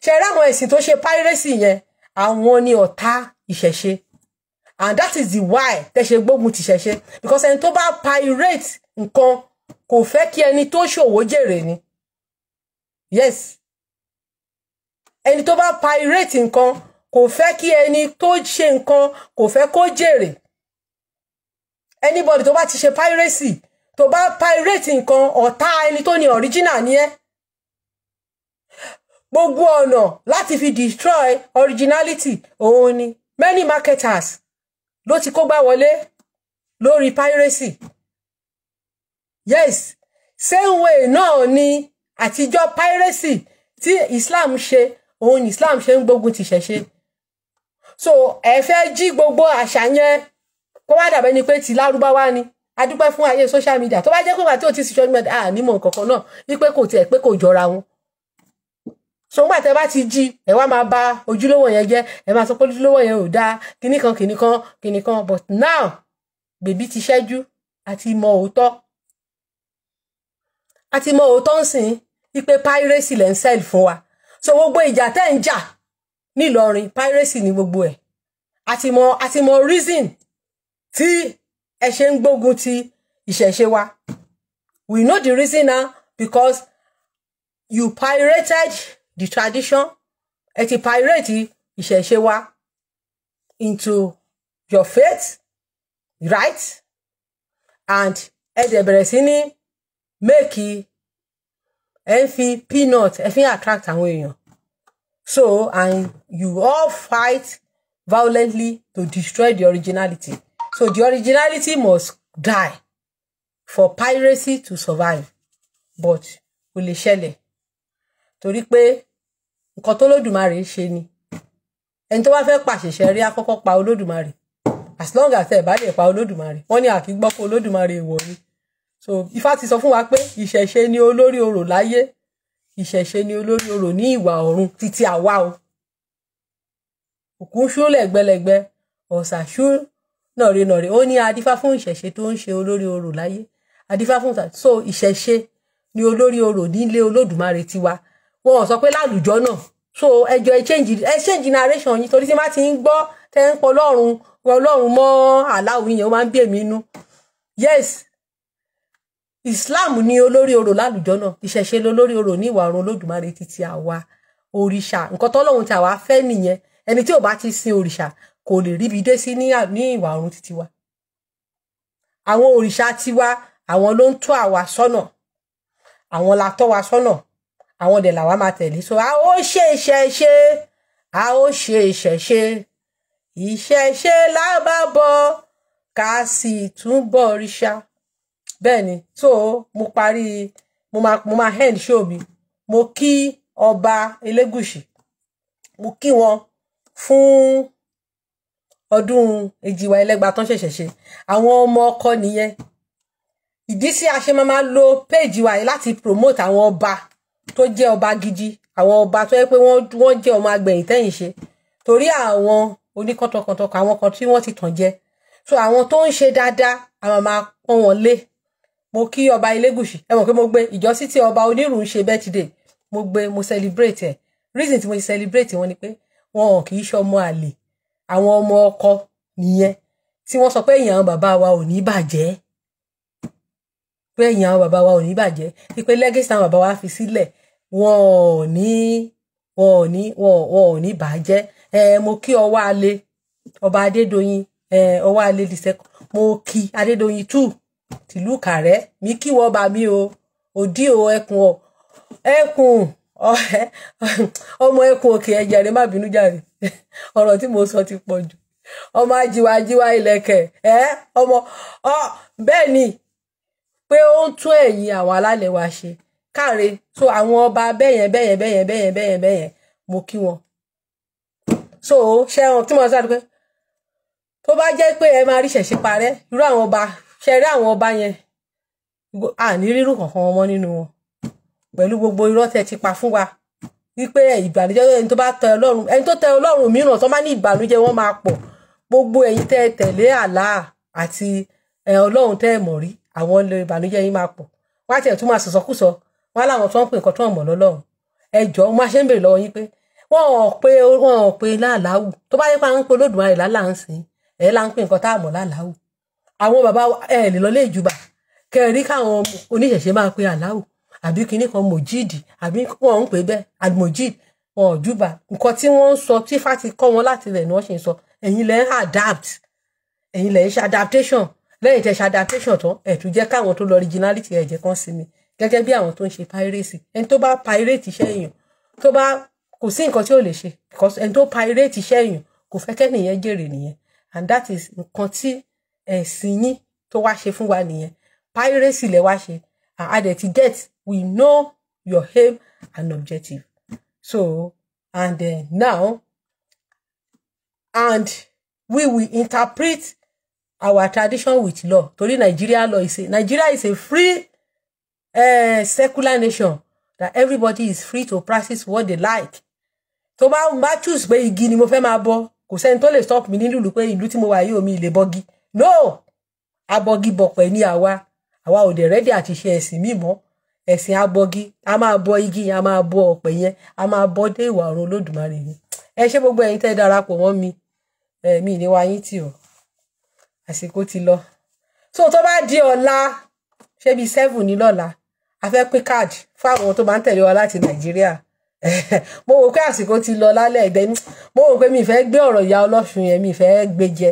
ṣe rí àwọn ẹ̀sìn tó ṣe pírẹ́sì yẹn àwọn ni ọ̀tá ìṣẹ̀ṣe and that is the why tẹ̀ṣe gbógun ti ṣẹ̀ṣe because ẹni tó bá pirate nǹkan kò fẹ́ kí ẹni tó ṣòwò jèrè ni yes ẹni tó bá pirate nǹkan kò fẹ́ kí ẹni tó ṣe nǹkan kò fẹ́ kó jèrè anybody tó bá ti ṣe piracy tó bá pirate nǹkan ọ̀tá ẹni tó ní original ni ẹ́ gbogbo ọ̀nà láti fi destroy originality òun ni many marketers ló ti kó gbá wọlé lórí piracy yes same way náà ni àtijọ́ piracy tí Islam ṣe òun ni Islam ṣe ń gbógun ti ṣẹ̀ṣe so ẹ fẹ́ jí gbogbo àṣà yẹn kó wá dàbẹ́ ni pé ti lárúbáwá ni a fún ayé social media tó bá jẹ́ pé wà tí ò ti social media à nímọ̀ nǹkan kan náà wípé kò tiẹ̀ pé kò jọra wọn sọgbà tẹ bá ti jí ẹ wá máa bà ojúlówó yẹn jẹ́ ẹ máa sọ pé ojúlówó yẹn ò dáa kinní kan kinní kan kinní kan but now bèbí ti ṣẹ́jú àti mọ òótọ́ àti mọ òótọ́ ń sìn ipe piracy lẹ́ ń sẹ́ẹ̀lì fún wa so gbogbo ìjà tẹ́ ń jà nílọrin piracy ni gbogbo ẹ̀ àti mọ àti mọ reason tí ẹ ṣe ń gbógun ti ìṣẹ̀ṣe wa we know the reason now because you pirated the tradition ẹ ti pirate ìṣẹ̀ṣe wa into your faith right and ẹ dẹ̀ bẹ̀rẹ̀ sí ní make ẹ peanut ẹ fi attract àwọn èèyàn so and you all fight violently to destroy the originality so the originality must die for piracy to survive but kò lè ṣẹlẹ̀ torí nǹkan tó lódùmarè ń ṣe ni ẹni tó bá fẹ́ pàṣẹṣẹ rí akọ́kọ́ pa olódùmarè as long as ẹ̀ bá lè pa olódùmarè wọ́n ní àfi gbọ́ pé olódùmarè èèwọ̀ ni so ifá ti sọ fún wa pé ìṣẹ̀ṣe ni olórí orò láyé ìṣẹ̀ṣe ni olórí orò ní ìwà ọ̀run títí àwa o òkú ń ṣú lẹ̀gbẹlẹ̀gbẹ ọ̀sà ṣú nàrínàrí ó ní adífá fún ìṣẹ̀ṣe tó ń ṣe olórí orò láyé adífá fún ìṣẹ̀ṣe so ìṣẹ̀ṣe ni olórí orò nílé olódùmarè tiwa wọn ò sọ pé lálùjọ náà so ẹjọ ẹ change ẹ change narration yìí torí tí má ti ń gbọ́ tẹ́ ń pọ ọlọ́run ọlọ́run mọ́ aláwo yẹn ó máa ń bí èmi inú yes Islam ní olórí orò lálùjọ náà ìṣẹ̀ṣe lolórí orò ní ìwà ọ̀run olódùmarè títí àwa òrìṣà nǹkan tọ́lọ́run tí àwa fẹ́ nìyẹn ẹni tí ò bá ti sin òrìṣà kò lè ríbi dé sí ní ìwà ọ̀run títí wa àwọn òrìṣà tiwa àwọn ló ń tọ́ àwa sọ́nà àwọn la tọ́ wa sọ́nà àwọn dẹ̀ làwa máa tẹ̀lé so a ó ṣe ìṣẹ̀ṣe a ó ṣe ìṣẹ̀ṣe ìṣẹ̀ṣe lábàbọ̀ ká sì tún bọ̀ ríṣà bẹ́ẹ̀ ni tó mo parí mo máa mo máa hand show mi mo kí ọba Elégùṣì mo kí wọn fún ọdún èjìwá ẹlẹ́gba tán ṣẹ̀ṣẹ̀ ṣe àwọn ọmọ ọkọ nìyẹn ìdí sí a máa máa lo péèjì wa yìí láti promote àwọn ọba tó jẹ́ ọba gidi àwọn ọba tó yẹ pé wọ́n jẹ́ ọmọ agbẹ̀yìn tẹ́yìn ṣe torí àwọn oníkọ̀tọ̀kọ̀tọ̀kọ̀ àwọn kan tí wọ́n ti tàn jẹ so àwọn tó ń ṣe dáadáa àwọn máa pọ́n wọn lé mo kí ọba Elégùṣì ẹ mọ̀ pé mo gbé ìjọ́sí tí ọba onírù ń ṣe birthday mo gbé mo celebrate ẹ̀ reason tí mo ti celebrate wọn ni pé wọn ò kì í ṣọmọ àlè àwọn ọmọ ọkọ nìyẹn tí wọ́n sọ pé ìyàn àwọn bàbá wa ò ní bàjẹ́ pé ìyàn àwọn bàbá wa ò ní bàjẹ́ pípé legacy àwọn bàbá wa fi sílẹ̀ wọn ò ní wọn ò ní wọn ò ní bàjẹ́ ẹ mo kí ọwọ́ alẹ́ ọba adédọ̀yìn ẹ ọwọ́ alẹ́ the second mo kí adédọ̀yìn two tìlú kàrẹ́ mi kí wọ́n bá mi o òdí o ẹkùn ọ ẹkùn ọmọ ẹkùn òkè ẹ̀jẹ̀ rẹ má bínú jàre ọ̀rọ̀ tí mo sọ ti pọ̀ jù ọmọ ajiwa ajiwa ilẹ̀kẹ̀ ẹ ọmọ ọ bẹ́ẹ̀ ni pé ó ń tún ẹ̀yìn àwọn alálẹ̀ wa ṣe káre so àwọn ọba bẹ́yẹn bẹ́yẹn bẹ́yẹn bẹ́yẹn bẹ́yẹn bẹ́yẹn mo kí wọn so ṣẹ́wọ̀n tí mo sáré pé tó bá jẹ́ pé ẹ máa rí ṣẹ̀ṣẹ̀ parẹ́ irú àwọn ọba ṣe rí àwọn ọba yẹn àní rírù kankan ọmọ nínú wọn pẹ̀lú gbogbo irọ́ tẹ́ ti pa fún wa wípé ìbànújẹ́ ẹni tó bá tẹ ọlọ́run ẹni tó tẹ ọlọ́run mìíràn tó bá ní ìbànújẹ́ wọn máa pọ̀ gbogbo ẹ̀yin tẹ́ tẹ̀lé àlá àti ọlọ́run tẹ́ mọ̀ rí àwọn ìbànújẹ́ yín máa pọ̀ wọ́n á tiẹ̀ tún máa sọ̀sọ́kùsọ wọn láwọn tó ń pè nǹkan tó ń mọ̀ lọ́lọ́run ẹ jọ wọn ṣe ń bèrè lọ́wọ́ yín pé wọn ò pe wọn ò pe láàláwù tó bá yẹ pé à ń pe olódùmarè lálà ń sìn ẹ là ń pe nǹkan tá a mọ̀ láàláwù àwọn bàbá ẹ lè lọ lé ìjùbà kẹrí káwọn oníṣẹ̀ṣe máa pe àláwù àbí kinní kan mòjíìdì àbí wọn ń pè bẹ́ẹ̀ àmòjíìdì wọn ò júbà nǹkan tí wọ́n ń sọ tí fati kọ́ wọn láti rẹ̀ ni wọ́n ṣe ń sọ ẹ̀yin lẹ́ ń adapt ẹ̀yin lẹ́ ń ṣe adaptation lẹ́yìn tẹ́ ṣe adaptation tán ẹ tún jẹ́ káwọn tó lọ originality ẹ jẹ́ kàn sí gẹ́gẹ́ bí àwọn tó ń ṣe piracy ẹni tó bá pirate iṣẹ́ èèyàn tó bá kò sí nǹkan tí ò lè ṣe ẹni tó pirate iṣẹ́ èèyàn kò fẹ́ kẹ́nìyẹn jèrè nìyẹn and that is nǹkan tí ẹ̀sìn yín tó wá ṣe fún wa nìyẹn piracy lẹ wá ṣe and adẹ̀tí get we know your aim and objective so and then now and we will interpret our tradition with law torí Nigeria law is a Nigeria is a free uh, secular nation that everybody is free to practice what they like tó bá ń bá choose pé igi ni mo fẹ́ máa bọ kò sẹ́ni tó lè stop mi nílùú pé ìlú tí mo wà yóò mi lè bọ́gi no abọ́gi bọ̀pẹ̀ ní àwa àwa ò dẹ̀ rẹ́dí àti ṣe ẹ̀sìn míì mọ́ ẹ̀sìn abọ́gi a máa bọ igi yẹn a máa bọ ọ̀pẹ̀ yẹn a máa bọ dé ìwà ọ̀run olódùmarè yìí ẹ ṣé gbogbo ẹ̀yin tẹ́ darapọ̀ mọ́ mi mi ní wáyé tì ọ́ àsìkò ti lọ so tó bá di ọ̀la ṣé bíi seven ní lọ́la a fẹ́ pín káàdì fún àwọn tó bá ń tẹ̀lé wa láti nàìjíríà mo wò pé àsìkò ti lọ lálẹ́ ẹ̀dẹ́ ní mo wò pé mi fẹ́ gbé ọ̀rọ̀ ìyá ọlọ́ṣun yẹn mi fẹ́ gbé jẹ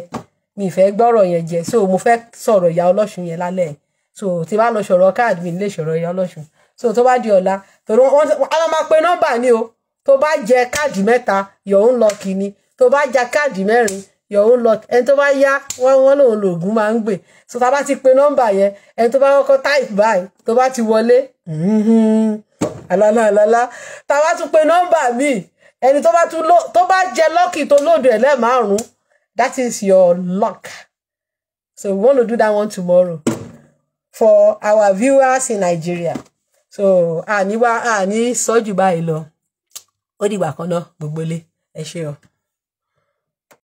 mi fẹ́ gbé ọ̀rọ̀ yẹn jẹ so mo fẹ́ sọ̀rọ̀ ìyá ọlọ́ṣun yẹn lálẹ́ so tí bá lọ sọ̀rọ̀ káàdì mi lè sọ̀rọ̀ ìyá ọlọ́ṣun so tó bá di ọ̀la torí wọ́n á máa pe nọ́mbà ni o tó bá jẹ káàdì mẹ́ta your own lucky ni tó bá ja káàdì mẹ́rin your own luck ẹni tó bá yá wọ́n wọ́n lòun lògùn máa ń gbè so tá a bá ti pe nọ́mbà yẹn ẹni tó bá kọ́kọ́ type báyìí tó bá ti wọlé Alala alala. tá a bá tún pe nọ́mbà míì ẹni tó bá tún tó bá jẹ lọ́kì tó lòdù ẹ̀ lẹ́ẹ̀márùn that is your luck so we want to do that one tomorrow for our viewers in Nigeria so àní wá àní sọ́jú báyìí lọ ó dìgbà kan náà gbogbo lé ẹ ṣé o.